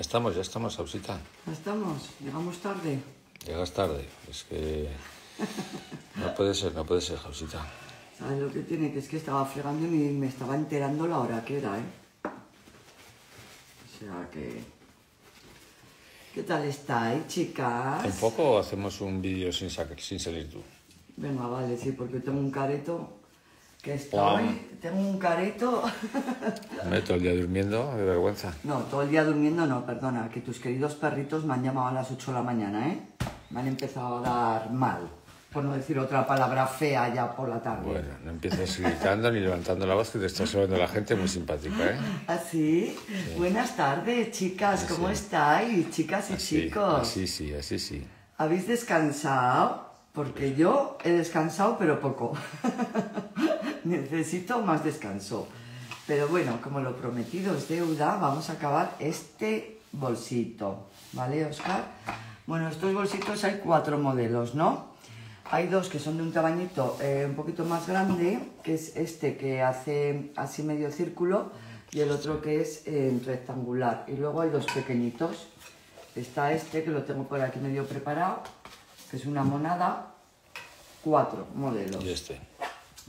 estamos, ya estamos, Jausita. Ya estamos, llegamos tarde. Llegas tarde, es que. No puede ser, no puede ser, Jausita. ¿Sabes lo que tiene? Que es que estaba fregando y me estaba enterando la hora que era, ¿eh? O sea que. ¿Qué tal estáis, eh, chicas? ¿En poco hacemos un vídeo sin, sin salir tú? Venga, vale, sí, porque tengo un careto. Que estoy, tengo un careto. ¿Me todo el día durmiendo, de vergüenza. No, todo el día durmiendo no, perdona, que tus queridos perritos me han llamado a las 8 de la mañana, ¿eh? Me han empezado a dar mal, por no decir otra palabra fea ya por la tarde. Bueno, no empieces gritando ni levantando la voz que te estás oyendo la gente muy simpática, ¿eh? ¿Ah, sí? Buenas tardes, chicas, ¿cómo estáis? Chicas y chicos. Sí, sí, así sí. ¿Habéis descansado? Porque yo he descansado, pero poco. necesito más descanso. Pero bueno, como lo prometido es deuda, vamos a acabar este bolsito, ¿vale, Oscar? Bueno, estos bolsitos hay cuatro modelos, ¿no? Hay dos que son de un tamañito eh, un poquito más grande, que es este que hace así medio círculo, y el otro que es eh, rectangular. Y luego hay dos pequeñitos. Está este, que lo tengo por aquí medio preparado, que es una monada, cuatro modelos. Y este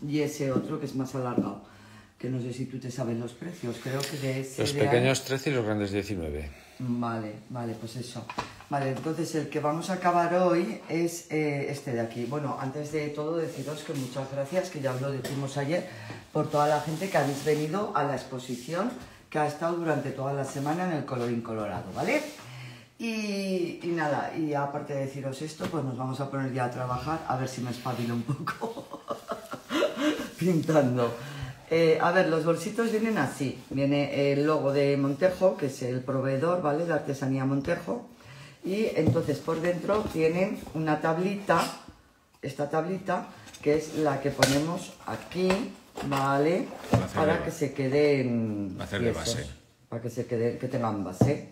y ese otro que es más alargado. Que no sé si tú te sabes los precios, creo que de ese... Los pequeños 13 y los grandes 19. Vale, vale, pues eso. Vale, entonces el que vamos a acabar hoy es eh, este de aquí. Bueno, antes de todo deciros que muchas gracias, que ya os lo dijimos ayer, por toda la gente que habéis venido a la exposición que ha estado durante toda la semana en el Colorín Colorado, ¿vale? Y, y nada, y aparte de deciros esto, pues nos vamos a poner ya a trabajar, a ver si me espabilo un poco. pintando. Eh, a ver, los bolsitos vienen así. Viene el logo de Montejo, que es el proveedor, ¿vale? De artesanía Montejo Y entonces por dentro tienen una tablita, esta tablita, que es la que ponemos aquí, ¿vale? Para, que se queden Para Para que, se quede que tengan base.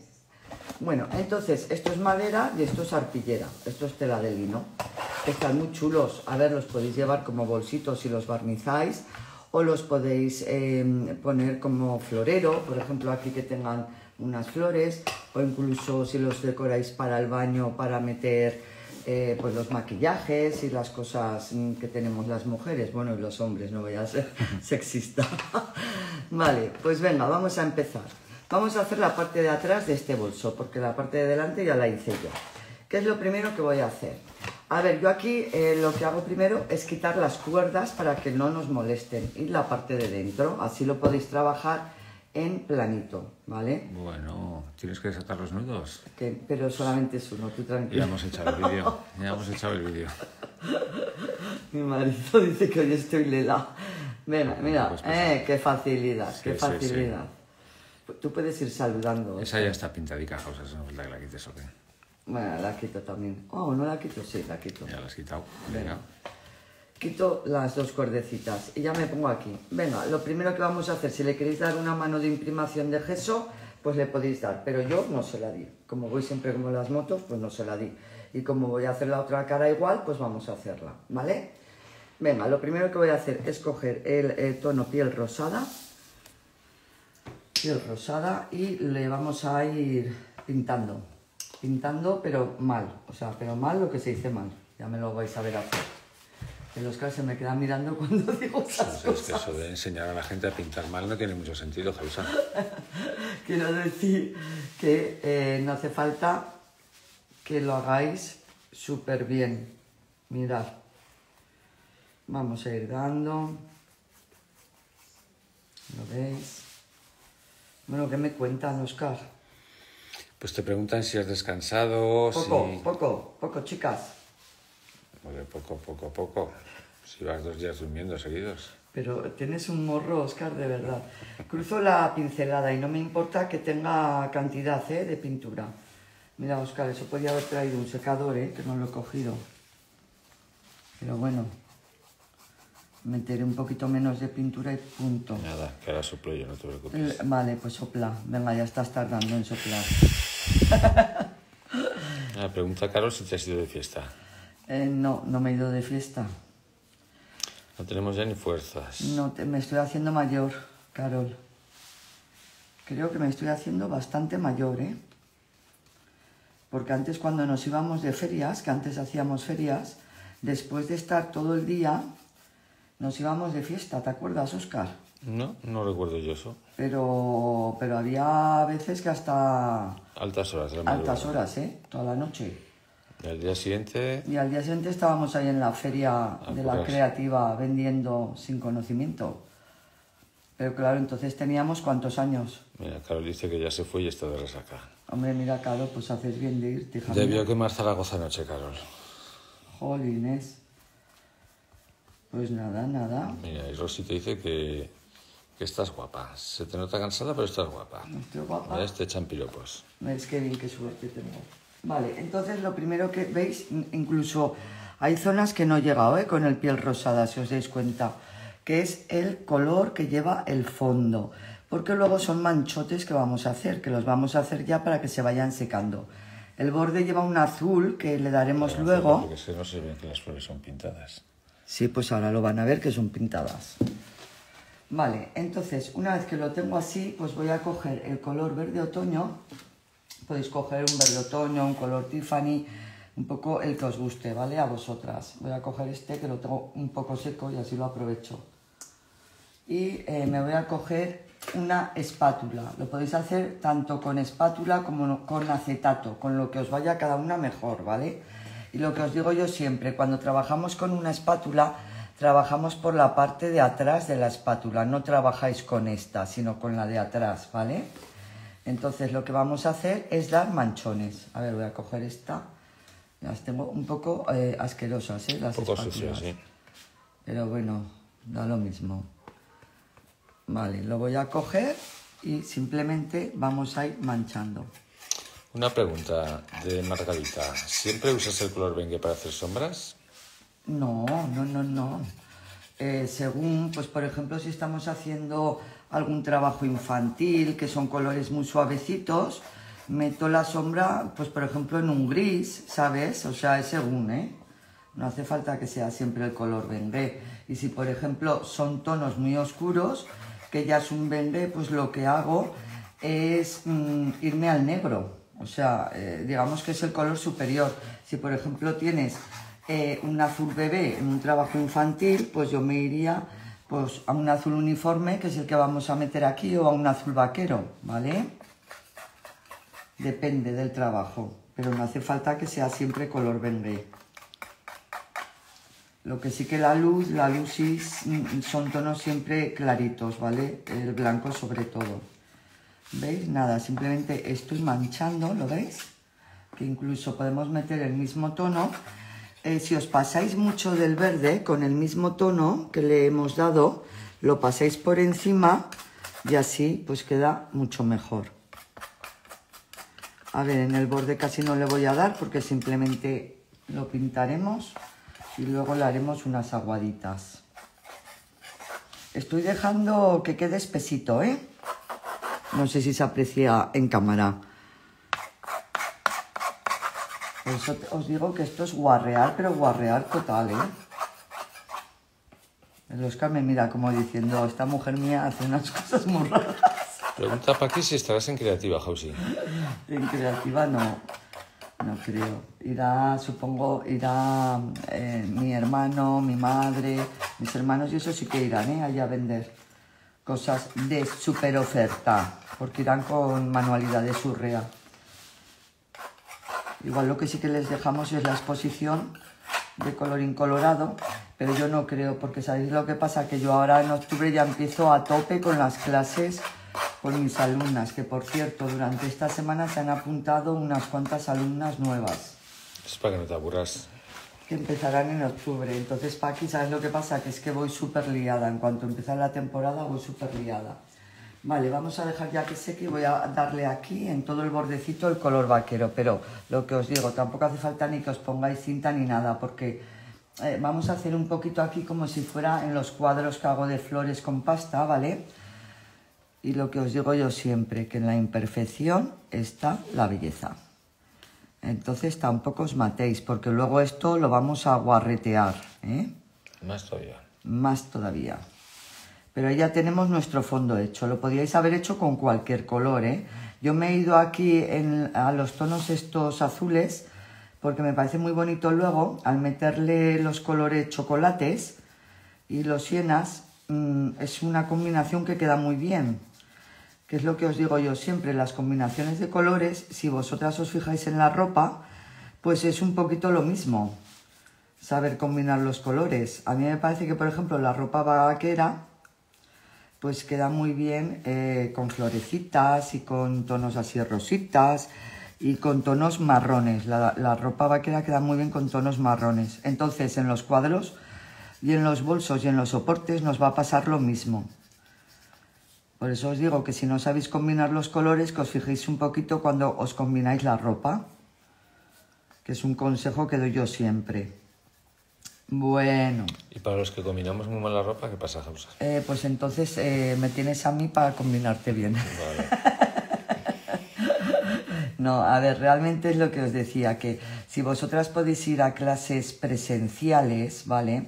Bueno, entonces, esto es madera y esto es artillera, Esto es tela de lino están muy chulos. A ver, los podéis llevar como bolsitos si los barnizáis o los podéis em, poner como florero, por ejemplo aquí que tengan unas flores o incluso si los decoráis para el baño, para meter eh, pues los maquillajes y las cosas mm, que tenemos las mujeres, bueno y los hombres, no voy a ser sexista. vale, pues venga, vamos a empezar. Vamos a hacer la parte de atrás de este bolso, porque la parte de delante ya la hice yo. ¿Qué es lo primero que voy a hacer? A ver, yo aquí eh, lo que hago primero es quitar las cuerdas para que no nos molesten y la parte de dentro, así lo podéis trabajar en planito, ¿vale? Bueno, tienes que desatar los nudos. pero solamente es uno, tú tranquilo. Ya hemos echado el vídeo, ya hemos echado el vídeo. Mi marido dice que hoy estoy lela. Mira, mira, pues, pues, eh, qué facilidad, qué facilidad. Tú puedes ir saludando. Esa ya está pintadica, José, no falta que la quites o qué. Bueno, la quito también. Oh, no la quito, sí, la quito. Ya la has quitado. Venga. Quito las dos cordecitas y ya me pongo aquí. Venga, lo primero que vamos a hacer, si le queréis dar una mano de imprimación de gesso, pues le podéis dar, pero yo no se la di. Como voy siempre como las motos, pues no se la di. Y como voy a hacer la otra cara igual, pues vamos a hacerla, ¿vale? Venga, lo primero que voy a hacer es coger el tono piel rosada, piel rosada, y le vamos a ir pintando pintando, pero mal, o sea, pero mal lo que se dice mal, ya me lo vais a ver poco. En los se me queda mirando cuando digo esas cosas. Eso de enseñar a la gente a pintar mal no tiene mucho sentido, qué Quiero decir que eh, no hace falta que lo hagáis súper bien. Mirad. Vamos a ir dando. ¿Lo veis? Bueno, ¿qué me cuentan, Oscar? Pues te preguntan si has descansado. Poco, si... poco, poco, chicas. Vale, poco, poco, poco. Si vas dos días durmiendo seguidos. Pero tienes un morro, Oscar, de verdad. Cruzo la pincelada y no me importa que tenga cantidad ¿eh? de pintura. Mira, Oscar, eso podía haber traído un secador, ¿eh? que no lo he cogido. Pero bueno, meteré un poquito menos de pintura y punto. Nada, que ahora soplo yo, no te preocupes. Vale, pues sopla. Venga, ya estás tardando en soplar. Ah, pregunta Carol, si te has ido de fiesta. Eh, no, no me he ido de fiesta. No tenemos ya ni fuerzas. No, me estoy haciendo mayor, Carol. Creo que me estoy haciendo bastante mayor, ¿eh? Porque antes cuando nos íbamos de ferias, que antes hacíamos ferias, después de estar todo el día, nos íbamos de fiesta, ¿te acuerdas, Oscar? No, no recuerdo yo eso. Pero, pero había veces que hasta... Altas horas. La altas horas, ¿eh? Toda la noche. Y al día siguiente... Y al día siguiente estábamos ahí en la feria de la creativa vendiendo sin conocimiento. Pero claro, entonces teníamos cuántos años. Mira, Carol dice que ya se fue y está de resaca. Hombre, mira, Carol, pues haces bien de irte. Hija Debió quemar Zaragoza anoche, Carol. Jolines. Pues nada, nada. Mira, y Rosy te dice que que estás guapa. Se te nota cansada, pero estás guapa. estoy guapa. Te echan piropos. Es que bien, qué suerte tengo. Vale, entonces lo primero que veis, incluso hay zonas que no he llegado ¿eh? con el piel rosada, si os dais cuenta, que es el color que lleva el fondo. Porque luego son manchotes que vamos a hacer, que los vamos a hacer ya para que se vayan secando. El borde lleva un azul que le daremos luego. Porque no se ven que las flores son pintadas. Sí, pues ahora lo van a ver que son pintadas. Vale, entonces una vez que lo tengo así, pues voy a coger el color verde otoño. Podéis coger un verde otoño, un color Tiffany, un poco el que os guste, ¿vale? A vosotras. Voy a coger este que lo tengo un poco seco y así lo aprovecho. Y eh, me voy a coger una espátula. Lo podéis hacer tanto con espátula como con acetato, con lo que os vaya cada una mejor, ¿vale? Y lo que os digo yo siempre, cuando trabajamos con una espátula trabajamos por la parte de atrás de la espátula, no trabajáis con esta, sino con la de atrás, ¿vale? Entonces lo que vamos a hacer es dar manchones. A ver, voy a coger esta. Las tengo un poco eh, asquerosas, ¿eh? Las un espátulas. sí. Pero bueno, da lo mismo. Vale, lo voy a coger y simplemente vamos a ir manchando. Una pregunta de Margarita. ¿Siempre usas el color Bengue para hacer sombras? No, no, no, no. Eh, según, pues por ejemplo, si estamos haciendo algún trabajo infantil, que son colores muy suavecitos, meto la sombra, pues por ejemplo, en un gris, ¿sabes? O sea, es según, ¿eh? No hace falta que sea siempre el color vendé. Y si, por ejemplo, son tonos muy oscuros, que ya es un vendé, pues lo que hago es mm, irme al negro. O sea, eh, digamos que es el color superior. Si, por ejemplo, tienes eh, un azul bebé en un trabajo infantil, pues yo me iría pues, a un azul uniforme, que es el que vamos a meter aquí, o a un azul vaquero, ¿vale? Depende del trabajo, pero no hace falta que sea siempre color bebé. Lo que sí que la luz, la luz mm, son tonos siempre claritos, ¿vale? El blanco sobre todo. ¿Veis? Nada, simplemente estoy manchando, ¿lo veis? Que incluso podemos meter el mismo tono, eh, si os pasáis mucho del verde con el mismo tono que le hemos dado, lo pasáis por encima y así pues queda mucho mejor. A ver, en el borde casi no le voy a dar porque simplemente lo pintaremos y luego le haremos unas aguaditas. Estoy dejando que quede espesito, ¿eh? No sé si se aprecia en cámara. Eso os digo que esto es guarrear, pero guarrear total, ¿eh? El Oscar me mira como diciendo, esta mujer mía hace unas cosas muy raras. Pregunta para qué si estarás en creativa, Jausi. En creativa no, no creo. Irá, supongo, irá eh, mi hermano, mi madre, mis hermanos y eso sí que irán, ¿eh? Allá a vender cosas de super oferta, porque irán con manualidades surreal. Igual lo que sí que les dejamos es la exposición de color incolorado, pero yo no creo, porque sabéis lo que pasa, que yo ahora en octubre ya empiezo a tope con las clases con mis alumnas, que por cierto, durante esta semana se han apuntado unas cuantas alumnas nuevas. Es para que no te aburras. Que empezarán en octubre. Entonces, Paqui, ¿sabes lo que pasa? Que es que voy súper liada. En cuanto empieza la temporada, voy súper liada. Vale, vamos a dejar ya que seque y voy a darle aquí en todo el bordecito el color vaquero, pero lo que os digo, tampoco hace falta ni que os pongáis cinta ni nada, porque eh, vamos a hacer un poquito aquí como si fuera en los cuadros que hago de flores con pasta, ¿vale? Y lo que os digo yo siempre, que en la imperfección está la belleza. Entonces tampoco os matéis, porque luego esto lo vamos a guarretear, ¿eh? Más todavía. Más todavía. Pero ya tenemos nuestro fondo hecho. Lo podíais haber hecho con cualquier color, ¿eh? Yo me he ido aquí a los tonos estos azules porque me parece muy bonito luego al meterle los colores chocolates y los sienas mm, es una combinación que queda muy bien que es lo que os digo yo siempre las combinaciones de colores si vosotras os fijáis en la ropa pues es un poquito lo mismo saber combinar los colores a mí me parece que por ejemplo la ropa vaquera pues queda muy bien eh, con florecitas y con tonos así rositas y con tonos marrones. La, la, ropa vaquera queda muy bien con tonos marrones. Entonces en los cuadros y en los bolsos y en los soportes nos va a pasar lo mismo. Por eso os digo que si no sabéis combinar los colores, que os fijéis un poquito cuando os combináis la ropa, que es un consejo que doy yo siempre. Bueno. ¿Y para los que combinamos muy mal la ropa, qué pasa, Jausa? Eh, pues entonces eh, me tienes a mí para combinarte bien. Vale. no, a ver, realmente es lo que os decía, que si vosotras podéis ir a clases presenciales, ¿vale?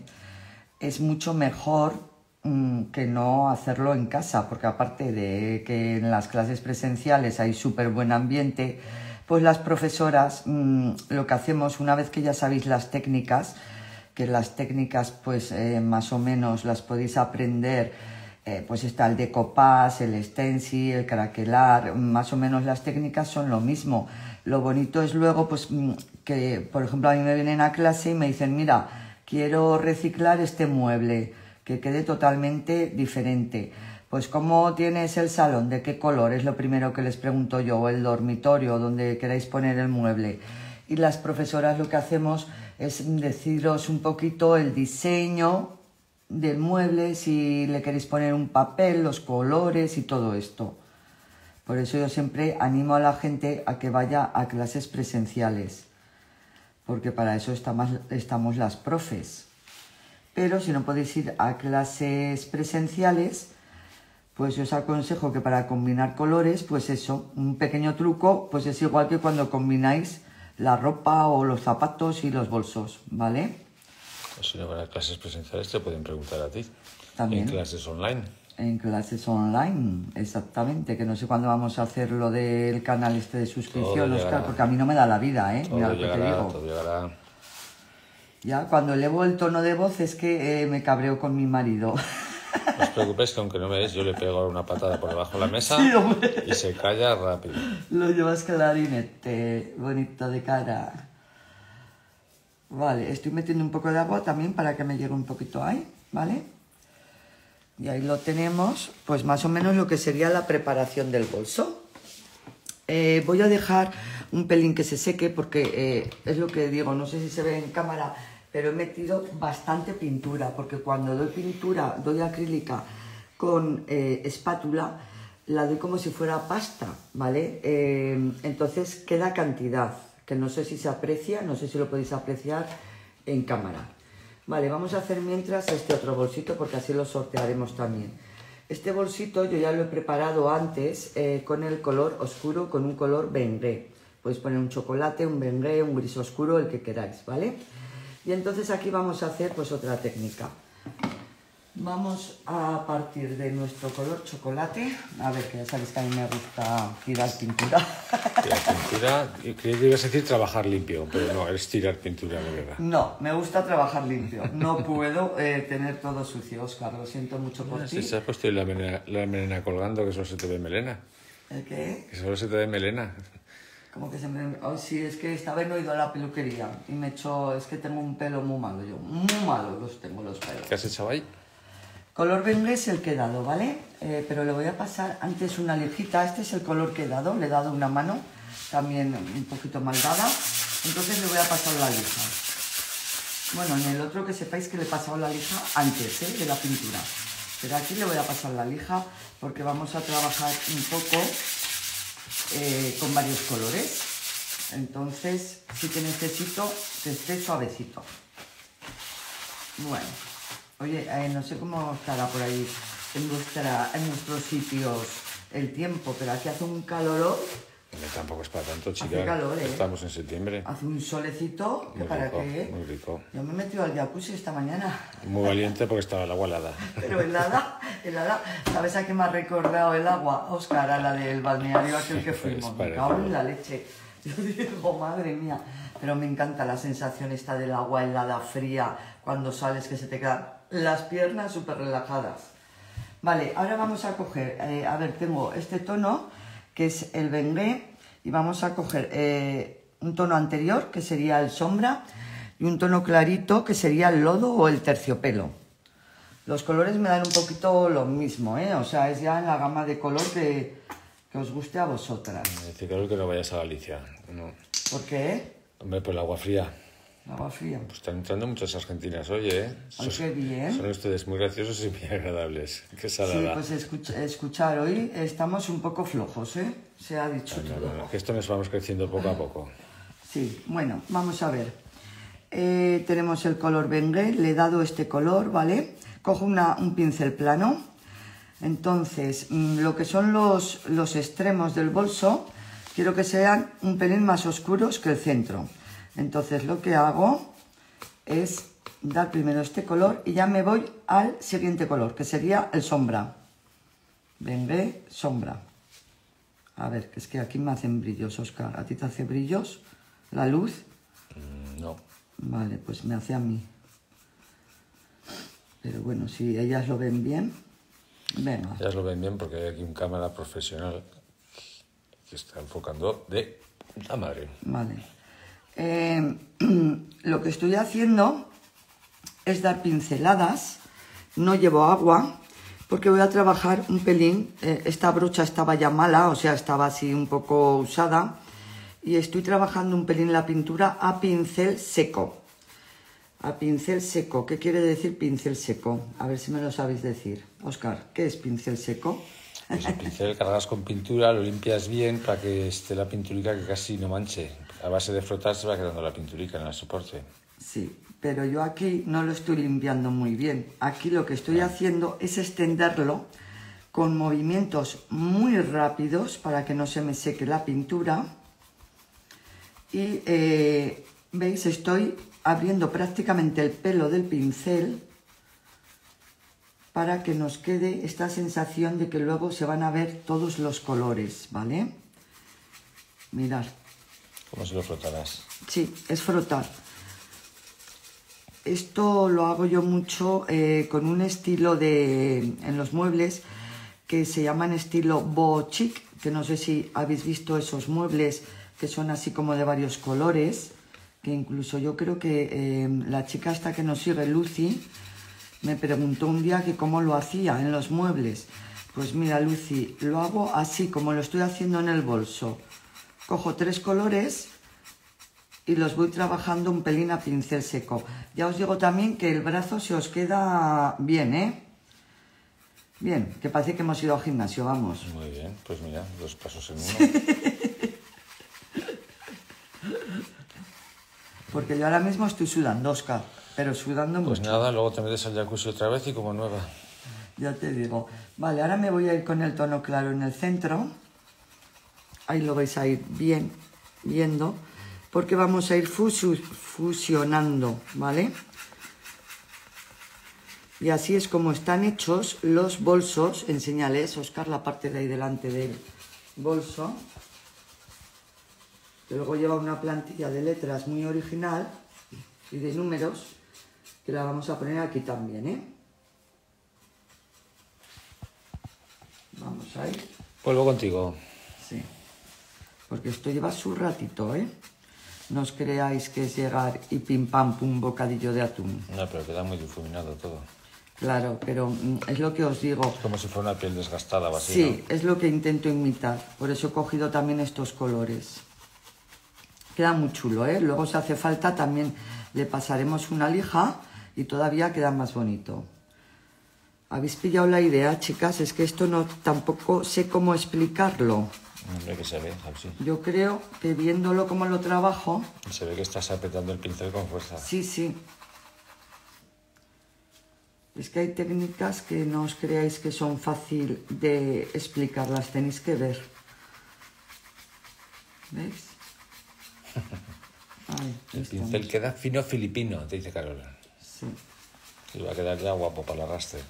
Es mucho mejor mm, que no hacerlo en casa, porque aparte de que en las clases presenciales hay súper buen ambiente, pues las profesoras mm, lo que hacemos una vez que ya sabéis las técnicas, que las técnicas pues eh, más o menos las podéis aprender, eh, pues está el decopás, el stencil, el craquelar, más o menos las técnicas son lo mismo. Lo bonito es luego pues mm, que, por ejemplo, a mí me vienen a clase y me dicen, mira, quiero reciclar este mueble, que quede totalmente diferente. Pues cómo tienes el salón, de qué color, es lo primero que les pregunto yo, el dormitorio, donde queráis poner el mueble. Y las profesoras lo que hacemos es deciros un poquito el diseño del mueble, si le queréis poner un papel, los colores y todo esto. Por eso yo siempre animo a la gente a que vaya a clases presenciales, porque para eso estamos las profes. Pero si no podéis ir a clases presenciales, pues os aconsejo que para combinar colores, pues eso, un pequeño truco, pues es igual que cuando combináis la ropa o los zapatos y los bolsos, ¿vale? Pues si no van clases presenciales te pueden preguntar a ti. También. En clases online. En clases online, exactamente, que no sé cuándo vamos a hacer lo del canal este de suscripción, Oscar, porque a mí no me da la vida, ¿eh? Mira lo que te digo. Ya, cuando elevo el tono de voz es que eh, me cabreo con mi marido. No os preocupéis que aunque no me veáis, yo le pego una patada por debajo de la mesa y se calla rápido. Lo llevas clarinete, bonito de cara. Vale, estoy metiendo un poco de agua también para que me llegue un poquito ahí, ¿vale? Y ahí lo tenemos, pues más o menos lo que sería la preparación del bolso. Eh, voy a dejar un pelín que se seque porque eh, es lo que digo, no sé si se ve en cámara pero he metido bastante pintura, porque cuando doy pintura, doy acrílica con eh, espátula, la doy como si fuera pasta, ¿vale? Eh, entonces queda cantidad, que no sé si se aprecia, no sé si lo podéis apreciar en cámara. Vale, vamos a hacer mientras este otro bolsito, porque así lo sortearemos también. Este bolsito yo ya lo he preparado antes eh, con el color oscuro, con un color bengré. Podéis poner un chocolate, un bengré, un gris oscuro, el que queráis, ¿vale? vale y entonces aquí vamos a hacer pues otra técnica. Vamos a partir de nuestro color chocolate. A ver, que ya sabéis que a mí me gusta tirar pintura. Tirar pintura, creí que ibas a decir trabajar limpio, pero no, es tirar pintura de verdad. No, me gusta trabajar limpio. No puedo eh, tener todo sucio, Oscar. Lo siento mucho por ah, ti. Se ha puesto la la melena colgando, que solo se te ve melena. ¿El qué? Que solo se te ve melena como que se me... Oh, sí, es que esta vez no he ido a la peluquería y me he hecho... Es que tengo un pelo muy malo, yo muy malo los tengo los pelos. ¿Qué has hecho ahí? Color verde es el que dado, ¿vale? Eh, pero le voy a pasar antes una lijita. Este es el color que he dado, le he dado una mano, también un poquito mal Entonces le voy a pasar la lija. Bueno, en el otro que sepáis que le he pasado la lija antes ¿eh? de la pintura. Pero aquí le voy a pasar la lija porque vamos a trabajar un poco eh, con varios colores. Entonces si que necesito que esté suavecito. Bueno, oye, eh, no sé cómo estará por ahí en, en nuestros sitios el tiempo, pero aquí hace un calorón Tampoco es para tanto, chica. ¿eh? Estamos en septiembre. Hace un solecito, ¿para qué? Muy rico. Yo me he metido al jacuzzi esta mañana. Muy valiente porque estaba el agua helada. Pero helada, helada. ¿Sabes a qué me ha recordado el agua, Oscar? A la del balneario aquel que fuimos. me la leche. Yo digo, madre mía. Pero me encanta la sensación esta del agua helada, fría, cuando sales que se te quedan las piernas súper relajadas. Vale, ahora vamos a coger, eh, a ver, tengo este tono que es el Bengué, y vamos a coger eh, un tono anterior, que sería el sombra, y un tono clarito, que sería el lodo o el terciopelo. Los colores me dan un poquito lo mismo, ¿eh? o sea, es ya en la gama de color que, os guste a vosotras. Dice, que no vayas a Galicia. No. ¿Por qué? Hombre, por el agua fría. Pues están entrando muchas argentinas, oye, ¿eh? Son ustedes muy graciosos y muy agradables. Qué salada. Sí, pues escuchar hoy estamos un poco flojos, ¿eh? Se ha dicho todo. que esto nos vamos creciendo poco a poco. Sí, bueno, vamos a ver. Eh, tenemos el color bengue, le he dado este color, ¿vale? Cojo una, un pincel plano. Entonces, mm, lo que son los, los extremos del bolso, quiero que sean un pelín más oscuros que el centro. Entonces lo que hago es dar primero este color y ya me voy al siguiente color, que sería el sombra. ve, sombra. A ver, que es que aquí me hacen brillos, Oscar. ¿A ti te hace brillos la luz? Mm, no. Vale, pues me hace a mí. Pero bueno, si ellas lo ven bien, venga. Ellas lo ven bien porque hay aquí un cámara profesional que está enfocando de la madre. Vale. Eh, lo que estoy haciendo es dar pinceladas, no llevo agua, porque voy a trabajar un pelín, eh, esta brocha estaba ya mala, o sea, estaba así un poco usada, y estoy trabajando un pelín la pintura a pincel seco. A pincel seco, ¿qué quiere decir pincel seco? A ver si me lo sabéis decir. Oscar, ¿qué es pincel seco? Pues el pincel cargas con pintura, lo limpias bien para que esté la pinturita que casi no manche. A base de frotar se va quedando la pinturica en el soporte. Sí, pero yo aquí no lo estoy limpiando muy bien. Aquí lo que estoy ah. haciendo es extenderlo con movimientos muy rápidos para que no se me seque la pintura. Y eh, veis, estoy abriendo prácticamente el pelo del pincel para que nos quede esta sensación de que luego se van a ver todos los colores, ¿vale? Mirad, Cómo se lo frotarás. Sí, es frotar. Esto lo hago yo mucho eh, con un estilo en los muebles que se llaman estilo bochic, que no sé si habéis visto esos muebles que son así como de varios colores, que incluso yo creo que em, la chica hasta que nos sigue, Lucy, me preguntó un día que cómo lo hacía en los muebles. Pues mira, Lucy, lo hago así como lo estoy haciendo en el bolso. Cojo tres colores y los voy trabajando un pelín a pincel seco. Ya os digo también que el brazo se os queda bien, ¿eh? Bien, que parece que hemos ido al gimnasio, vamos. Muy bien, pues mira, dos pasos en uno. Porque yo ahora mismo estoy sudando, Oscar, pero sudando pues mucho. Pues nada, luego te metes al jacuzzi otra vez y como nueva. Ya te digo. Vale, ahora me voy a ir con el tono claro en el centro ahí lo vais a ir bien viendo, porque vamos a ir fusionando, ¿vale? Y así es como están hechos los bolsos. Enseñales, Oscar, la parte de ahí delante del bolso. Que luego lleva una plantilla de letras muy original y de números, que la vamos a poner aquí también, ¿eh? Vamos a ir. Vuelvo contigo porque esto lleva su ratito, ¿eh? No os creáis que es llegar y pim pam pum bocadillo de atún. No, pero queda muy difuminado todo. Claro, pero mm, es lo que os digo. Es como si fuera una piel desgastada o Sí, es lo que intento imitar. Por eso he cogido también estos colores. Queda muy chulo, ¿eh? Luego si hace falta también le pasaremos una lija y todavía queda más bonito. ¿Habéis pillado la idea, chicas? Es que esto no tampoco sé cómo explicarlo. Yo creo que viéndolo como lo trabajo... Se ve que estás apretando el pincel con fuerza. Sí, sí. Es que hay técnicas que no os creáis que son fácil de explicarlas. tenéis que ver. ¿Veis? el pincel queda fino filipino, te dice Carola. Sí. Y va a quedar ya guapo para el arrastre.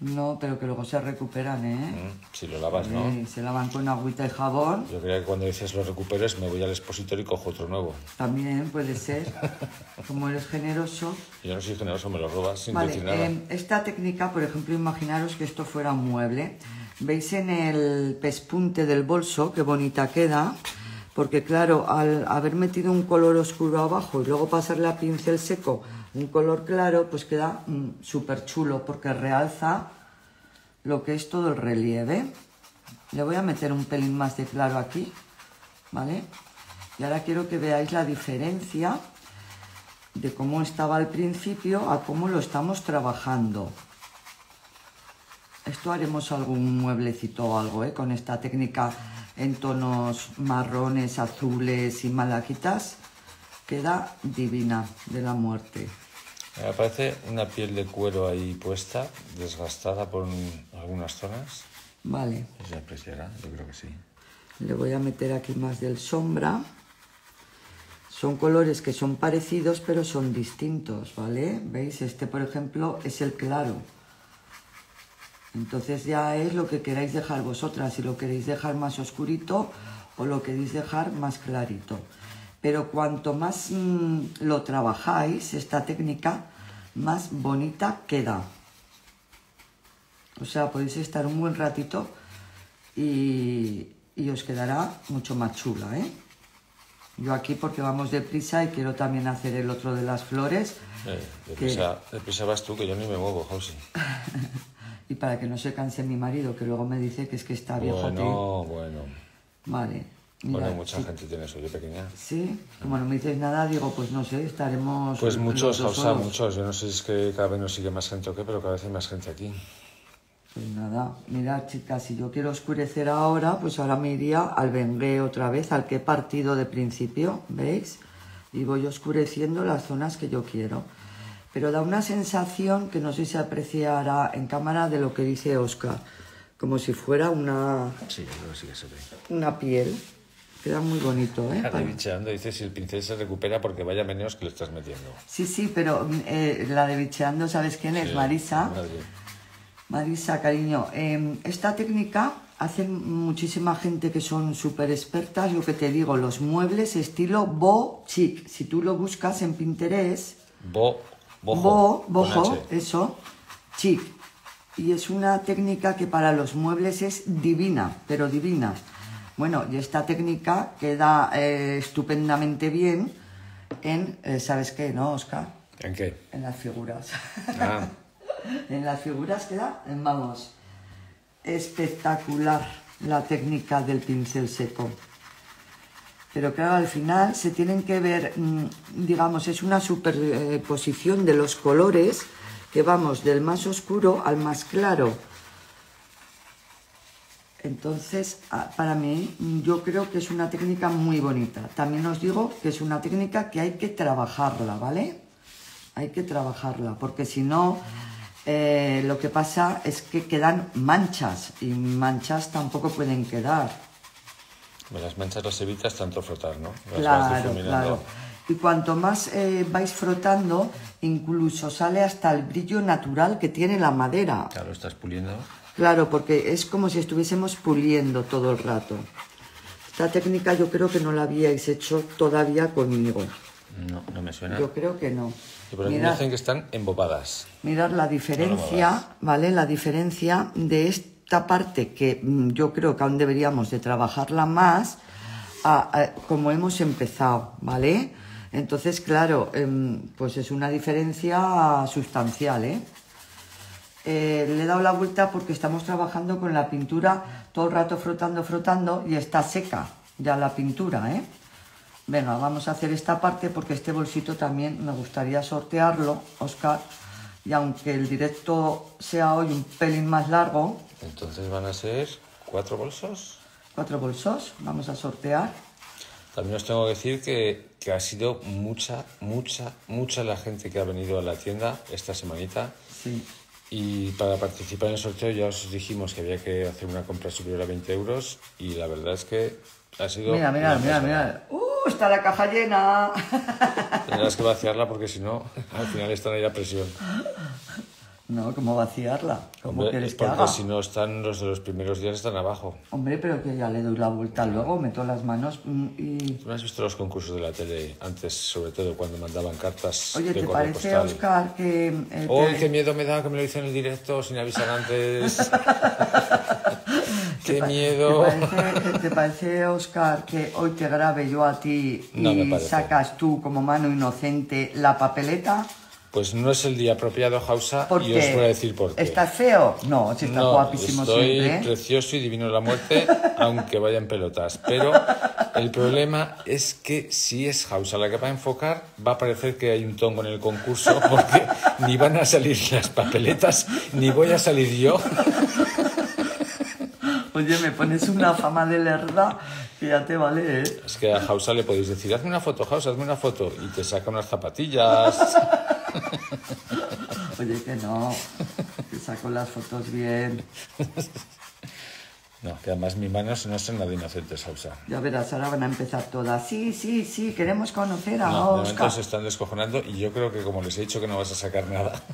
No, pero que luego se recuperan, ¿eh? Mm, si lo lavas, ¿no? Eh, se lavan con agüita y jabón. Yo creo que cuando dices lo recuperes me voy al expositor y cojo otro nuevo. También puede ser. Como eres generoso. Yo no soy generoso, me lo robas sin vale, decir nada. Em, esta técnica, por ejemplo, imaginaros que esto fuera un mueble. ¿Veis en el pespunte del bolso qué bonita queda? Porque claro, al haber metido un color oscuro abajo y luego pasar la pincel seco un color claro, pues queda mm, súper chulo porque realza lo que es todo el relieve. Le voy a meter un pelín más de claro aquí, ¿vale? Y ahora quiero que veáis la diferencia de cómo estaba al principio a cómo lo estamos trabajando. Esto haremos algún mueblecito o algo, ¿eh? Con esta técnica en tonos marrones, azules y malaquitas queda divina de la muerte. Me aparece una piel de cuero ahí puesta, desgastada por algunas zonas. Vale. Se apreciará, yo creo que sí. Le voy a meter aquí más del sombra. Son colores que son parecidos, pero son distintos, ¿vale? ¿Veis? Este, por ejemplo, es el claro. Entonces ya es lo que queráis dejar vosotras, si lo queréis dejar más oscurito o lo queréis dejar más clarito pero cuanto más mm, lo trabajáis, esta técnica, más bonita queda. O sea, podéis estar un buen ratito y, os quedará mucho más chula, ¿eh? Yo aquí porque vamos deprisa y quiero también hacer el otro de las flores. Eh, deprisa, vas tú, que yo ni me muevo, José. y para que no se canse mi marido, que luego me dice que es que está viejo. Bueno, bueno. Vale, bueno, mucha gente tiene suyo pequeña. Sí, como no me dices nada, digo, pues no sé, estaremos. Pues muchos, o sea, muchos. Yo no sé si es que cada vez nos sigue más gente o qué, pero cada vez hay más gente aquí. Pues nada, mira, chicas, si yo quiero oscurecer ahora, pues ahora me iría al Bengué otra vez, al que he partido de principio, ¿veis? Y voy oscureciendo las zonas que yo quiero. Pero da una sensación que no sé si se apreciará en cámara de lo que dice Oscar, como si fuera una. Sí, creo que sí Una piel. Queda muy bonito, ¿eh? bicheando dice si el pincel se recupera porque vaya menos que lo estás metiendo. Sí, sí, pero eh, la de bicheando, ¿sabes quién es? Marisa. Marisa, cariño. Em, esta técnica hace muchísima gente que son súper expertas, lo que te digo, los muebles estilo bo chic. Si tú lo buscas en Pinterest... Bo, bojo. Bo, bojo, eso, chic. Y es una técnica que para los muebles es divina, pero divina. Bueno, y esta técnica queda eh, estupendamente bien en, eh, ¿sabes qué, no, Oscar? ¿En qué? En las figuras. Ah. en las figuras queda, vamos, espectacular la técnica del pincel seco. Pero claro, al final se tienen que ver, mm, digamos, es una superposición de los colores que vamos del más oscuro al más claro. Entonces, ah, para mí, yo creo que es una técnica muy bonita. También os digo que es una técnica que hay que trabajarla, ¿vale? Hay que trabajarla, porque si no, eh, lo que pasa es que quedan manchas y manchas tampoco pueden quedar. las manchas las evitas tanto frotar, ¿no? claro, claro. Y cuanto más eh, vais frotando, incluso sale hasta el brillo natural que tiene la madera. Claro, estás puliendo. Claro, porque es como si estuviésemos puliendo todo el rato. Esta técnica yo creo que no la habíais hecho todavía conmigo. No, no me suena. Yo creo que no. Pero dicen que están embobadas. Mirad la diferencia, ¿vale? La diferencia de esta parte que mm, yo creo que aún deberíamos de trabajarla más a, como hemos empezado, ¿vale? Entonces, claro, em, pues es una diferencia sustancial, ¿eh? Eh, le he dado la vuelta porque estamos trabajando con la pintura todo el rato frotando, frotando y está seca ya la pintura, ¿eh? Venga, vamos a hacer esta parte porque este bolsito también me gustaría sortearlo, Oscar. Y aunque el directo sea hoy un pelín más largo... Entonces van a ser cuatro bolsos. Cuatro bolsos, vamos a sortear. También os tengo que decir que, que, ha sido mucha, mucha, mucha la gente que ha venido a la tienda esta semanita. Sí. Y para participar en el sorteo ya os dijimos que había que hacer una compra superior a 20 euros y la verdad es que ha sido... Mira, mira, mira, mira. ¡Uh! Está la caja llena. Tendrás que vaciarla porque si no, al final están ahí a presión. No, ¿cómo vaciarla? ¿Cómo quieres que haga? si no están los de los primeros días, están abajo. Hombre, pero que ya le doy la vuelta luego, meto las manos mm, y... no has visto los concursos de la tele antes, sobre todo cuando mandaban cartas Oye, ¿te parece, Oscar, que... Eh, qué miedo me da que me lo dicen en el directo sin avisar antes! ¡Qué miedo! ¿Te parece, Oscar, eh, que hoy te grabe yo a ti y sacas tú como mano inocente la papeleta? Pues no es el día apropiado, Hausa. y os voy decir por qué. ¿Está feo? No, si está no, guapísimo estoy ¿eh? precioso y divino la muerte, aunque vayan pelotas. Pero el problema es que si es Hausa. la que va a enfocar, va a parecer que hay un tongo en el concurso, porque ni van a salir las papeletas, ni voy a salir yo. Oye, me pones una fama de lerda, fíjate, vale, ¿eh? Es que a Hausa le podéis decir, hazme una foto, Hausa, hazme una foto, y te saca unas zapatillas... Oye, que no, que saco las fotos bien. No, que además mis manos no son nada inocentes, Sausa Ya verás, ahora van a empezar todas. Sí, sí, sí, queremos conocer a no, Oscar. De se están descojonando y yo creo que como les he dicho que no vas a sacar nada.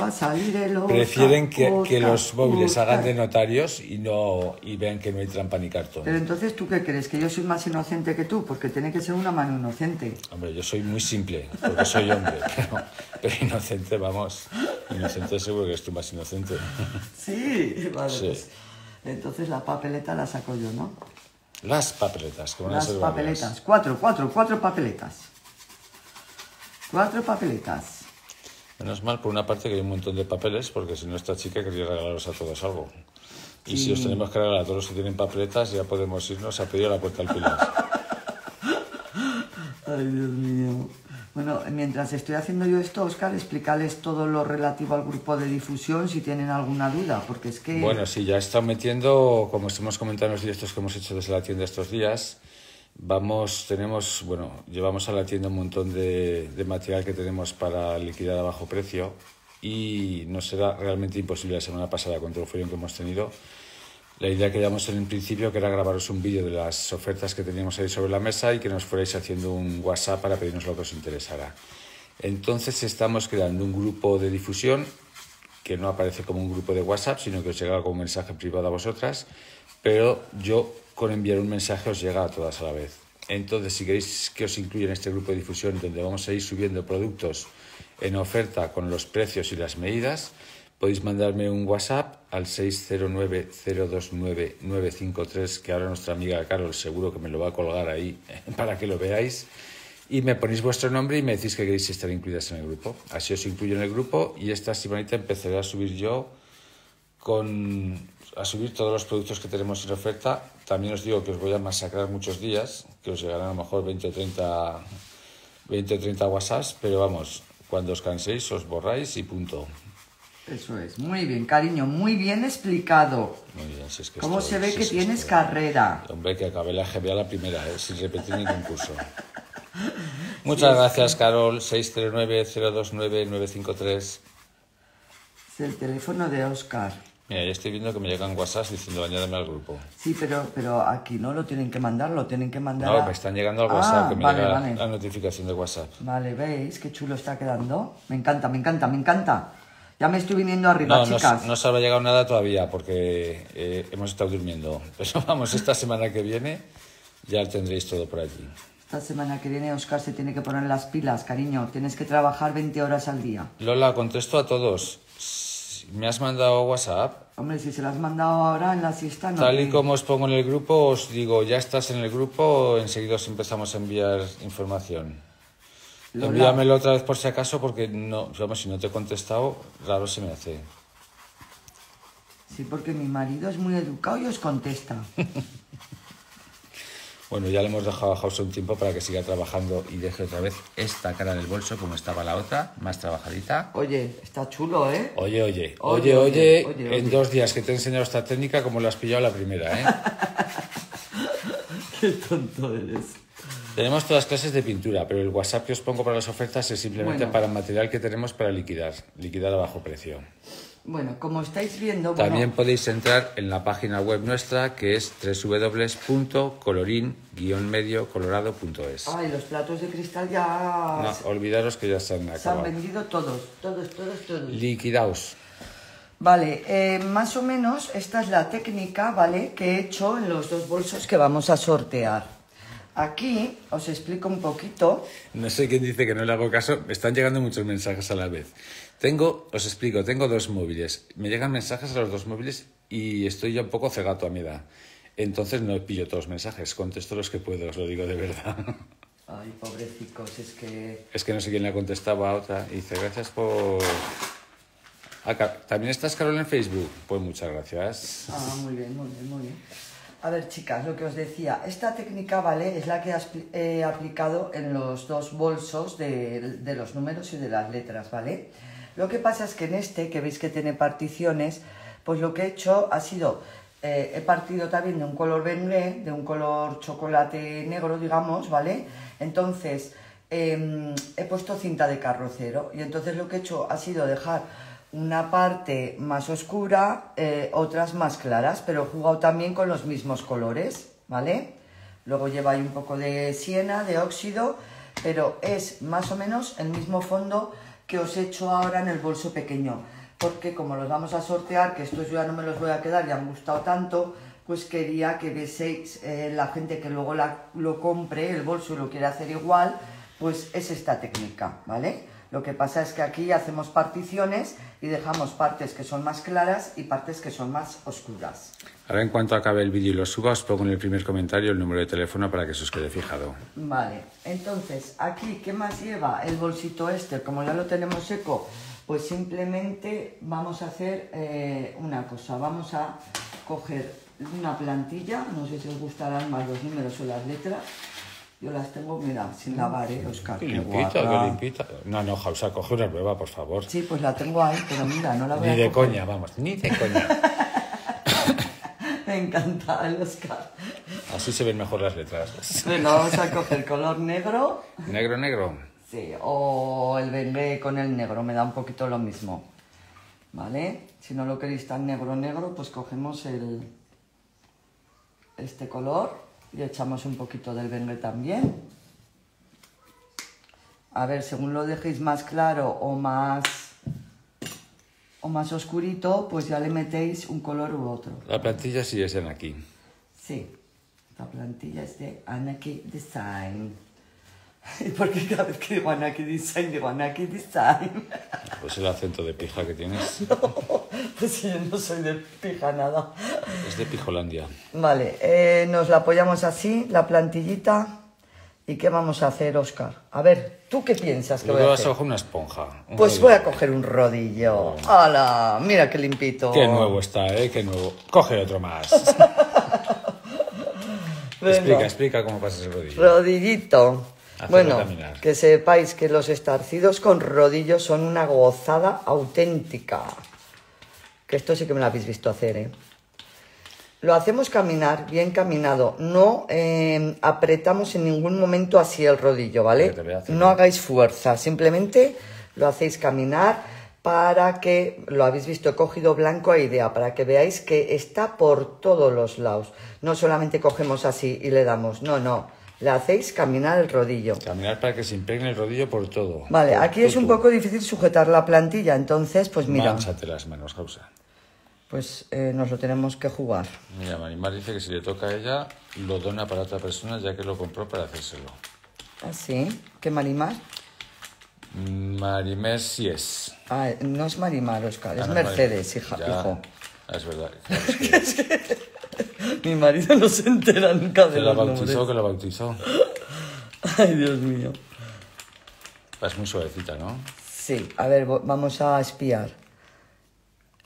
a salir Prefieren que, los móviles hagan de notarios y no y vean que no hay trampa ni cartón. Pero entonces, ¿tú qué crees? ¿Que yo soy más inocente que tú? Porque tiene que ser una mano inocente. Hombre, yo soy muy simple, porque soy hombre, pero, inocente, vamos. Inocente seguro que es tú más inocente. Sí, vale. Pues, entonces la papeleta la saco yo, ¿no? Las papeletas. Las papeletas. Cuatro, cuatro, cuatro papeletas. Cuatro papeletas. Menos mal, por una parte, que hay un montón de papeles, porque si no, esta chica quería regalaros a todos algo. Y si os tenemos que regalar a todos los que tienen papeletas, ya podemos irnos a pedir a la puerta al pilar. Ay, Dios mío. Bueno, mientras estoy haciendo yo esto, Oscar, explicarles todo lo relativo al grupo de difusión si tienen alguna duda, porque es que... Bueno, sí, ya está metiendo, como estamos comentando en los directos que hemos hecho desde la tienda estos días, Vamos, tenemos, bueno, llevamos a la tienda un montón de, de material que tenemos para liquidar a bajo precio y no será realmente imposible la semana pasada con todo el follón que hemos tenido. La idea que llevamos en el principio que era grabaros un vídeo de las ofertas que teníamos ahí sobre la mesa y que nos fuerais haciendo un WhatsApp para pedirnos lo que os interesara. Entonces estamos creando un grupo de difusión que no aparece como un grupo de WhatsApp, sino que os llega como mensaje privado a vosotras, pero yo con enviar un mensaje os llega a todas a la vez. Entonces, si queréis que os incluya en este grupo de difusión donde vamos a ir subiendo productos en oferta con los precios y las medidas, podéis mandarme un WhatsApp al 609 que ahora nuestra amiga Carol seguro que me lo va a colgar ahí para que lo veáis. Y me ponéis vuestro nombre y me decís que queréis estar incluidas en el grupo. Así os incluyo en el grupo y esta semana empezaré a subir yo con a subir todos los productos que tenemos en oferta también os digo que os voy a masacrar muchos días, que os llegarán a lo mejor 20 o 30, 20 30 WhatsApps, pero vamos, cuando os canséis os borráis y punto. Eso es, muy bien, cariño, muy bien explicado. Muy bien, si es que ¿Cómo se ve que tienes carrera? Hombre, que acabé la GBA la primera, ¿eh? sin repetir ningún curso. Muchas gracias, Carol. 639-029-953. Es el teléfono de Oscar. Mira, estoy viendo que me llegan WhatsApp diciendo añádeme al grupo. Sí, pero, pero aquí no lo tienen que mandar, lo tienen que mandar. No, me están llegando al WhatsApp, ah, que me la notificación de WhatsApp. Vale, ¿veis qué chulo está quedando? Me encanta, me encanta, me encanta. Ya me estoy viniendo arriba, chicas. No, no se ha llegado nada todavía porque eh, hemos estado durmiendo. Pero vamos, esta semana que viene ya tendréis todo por aquí. Esta semana que viene Oscar se tiene que poner las pilas, cariño. Tienes que trabajar 20 horas al día. Lola, contesto a todos. Me has mandado WhatsApp. Hombre, si se las has mandado ahora en la siesta, no. Tal y como os pongo en el grupo, os digo, ya estás en el grupo, enseguida os empezamos a enviar información. Envíamelo otra vez por si acaso, porque no, si no te he contestado, raro se me hace. Sí, porque mi marido es muy educado y os contesta. Bueno, ya le hemos dejado a un tiempo para que siga trabajando y deje otra vez esta cara en el bolso como estaba la otra, más trabajadita. Oye, está chulo, ¿eh? Oye, oye, oye, oye, en dos días que te he enseñado esta técnica como la has pillado la primera, ¿eh? Qué tonto eres. Tenemos todas clases de pintura, pero el WhatsApp que os pongo para las ofertas es simplemente para material que tenemos para liquidar, liquidar a bajo precio. Bueno, como estáis viendo... También podéis entrar en la página web nuestra que es wwwcolorin mediocoloradoes Ay, los platos de cristal ya... No, olvidaros que ya se han acabado. Se han vendido todos, todos, todos, todos. Liquidaos. Vale, eh, más o menos esta es la técnica, ¿vale? Que he hecho en los dos bolsos que vamos a sortear. Aquí os explico un poquito. No sé quién dice que no le hago caso. Me están llegando muchos mensajes a la vez. Tengo, os explico, tengo dos móviles. Me llegan mensajes a los dos móviles y estoy ya un poco cegato a mi edad. Entonces no pillo todos los mensajes, contesto los que puedo, os lo digo de verdad. Ay, pobrecicos, es que... Es que no sé quién le contestaba a otra. dice, gracias por... Ah, ¿También estás, Carol, en Facebook? Pues muchas gracias. Ah, muy bien, muy bien, muy bien. A ver, chicas, lo que os decía, esta técnica, ¿vale? Es la que he aplicado en los dos bolsos de, los números y de las letras, ¿vale? vale lo que pasa es que en este, que veis que tiene particiones, pues lo que he hecho ha sido, eh, he partido también de un color verde, de un color chocolate negro, digamos, ¿vale? Entonces, em, he puesto cinta de carrocero y entonces lo que he hecho ha sido dejar una parte más oscura, eh, otras más claras, pero he jugado también con los mismos colores, ¿vale? Luego lleva ahí un poco de siena, de óxido, pero es más o menos el mismo fondo que os he hecho ahora en el bolso pequeño, porque como los vamos a sortear, que estos ya no me los voy a quedar, y han gustado tanto, pues quería que vieseis eh, la gente que luego lo compre, el bolso y lo quiere hacer igual, pues es esta técnica, ¿vale? Lo que pasa es que aquí hacemos particiones y dejamos partes que son más claras y partes que son más oscuras. Ahora en cuanto acabe el vídeo y lo suba, os pongo en el primer comentario el número de teléfono para que se os quede fijado. Vale, entonces aquí, ¿qué más lleva el bolsito este? Como ya lo tenemos seco, pues simplemente vamos a hacer eh, una cosa. Vamos a coger una plantilla, no sé si os gustarán más los números o las letras, yo las tengo, mira, sin lavar, ¿eh, Oscar? Qué limpita, qué limpita. No, no, sea, coge una nueva, por favor. Sí, pues la tengo ahí, pero mira, no la veo. Ni de coña, vamos, ni de coña. Me encanta el Oscar. Así se ven mejor las letras. Bueno, vamos a coger color negro. Negro, negro. Sí, o el bebé con el negro, me da un poquito lo mismo. ¿Vale? Si no lo queréis tan negro, negro, pues cogemos el este color y echamos un poquito del verde también. A ver, según lo dejéis más claro o más o más oscurito, pues ya le metéis un color u otro. La plantilla sí es de aquí. Sí, la plantilla es de Anaki Design. ¿Y por qué cada vez que digo Anaki Design, digo Anaki Design? Pues el acento de pija que tienes. No, pues yo no soy de pija nada. Es de Pijolandia. Vale, eh, nos la apoyamos así, la plantillita. ¿Y qué vamos a hacer, Oscar? A ver, ¿tú qué piensas que voy a hacer? vas a coger una esponja. pues voy a coger un rodillo. ¡Hala! Mira qué limpito. Qué nuevo está, ¿eh? Qué nuevo. Coge otro más. explica, explica cómo pasa ese rodillo. Rodillito bueno, que sepáis que los estarcidos con rodillos son una gozada auténtica. Que esto sí que me lo habéis visto hacer, ¿eh? Lo hacemos caminar, bien caminado. No em, apretamos en ningún momento así el rodillo, ¿vale? No hagáis fuerza, simplemente lo hacéis caminar para que, lo habéis visto, he cogido blanco a idea, para que veáis que está por todos los lados. No solamente cogemos así y le damos, no, no la hacéis caminar el rodillo. Caminar para que se impregne el rodillo por todo. Vale, aquí es un poco difícil sujetar la plantilla, entonces pues mira. Mánchate las manos, causa. Pues eh, nos lo tenemos que jugar. Mira, Marimar dice que si le toca a ella, lo dona para otra persona ya que lo compró para hacérselo. ¿Ah, sí? ¿Qué Marimar? Marimar sí es. Ah, no es Marimar, Oscar, ah, es Mercedes, Marimar. hija, ya, hijo. Es verdad. Mi marido no se entera nunca de que la bautizó, que la bautizó. Ay, Dios mío. Es muy suavecita, ¿no? Sí, a ver, vamos a espiar.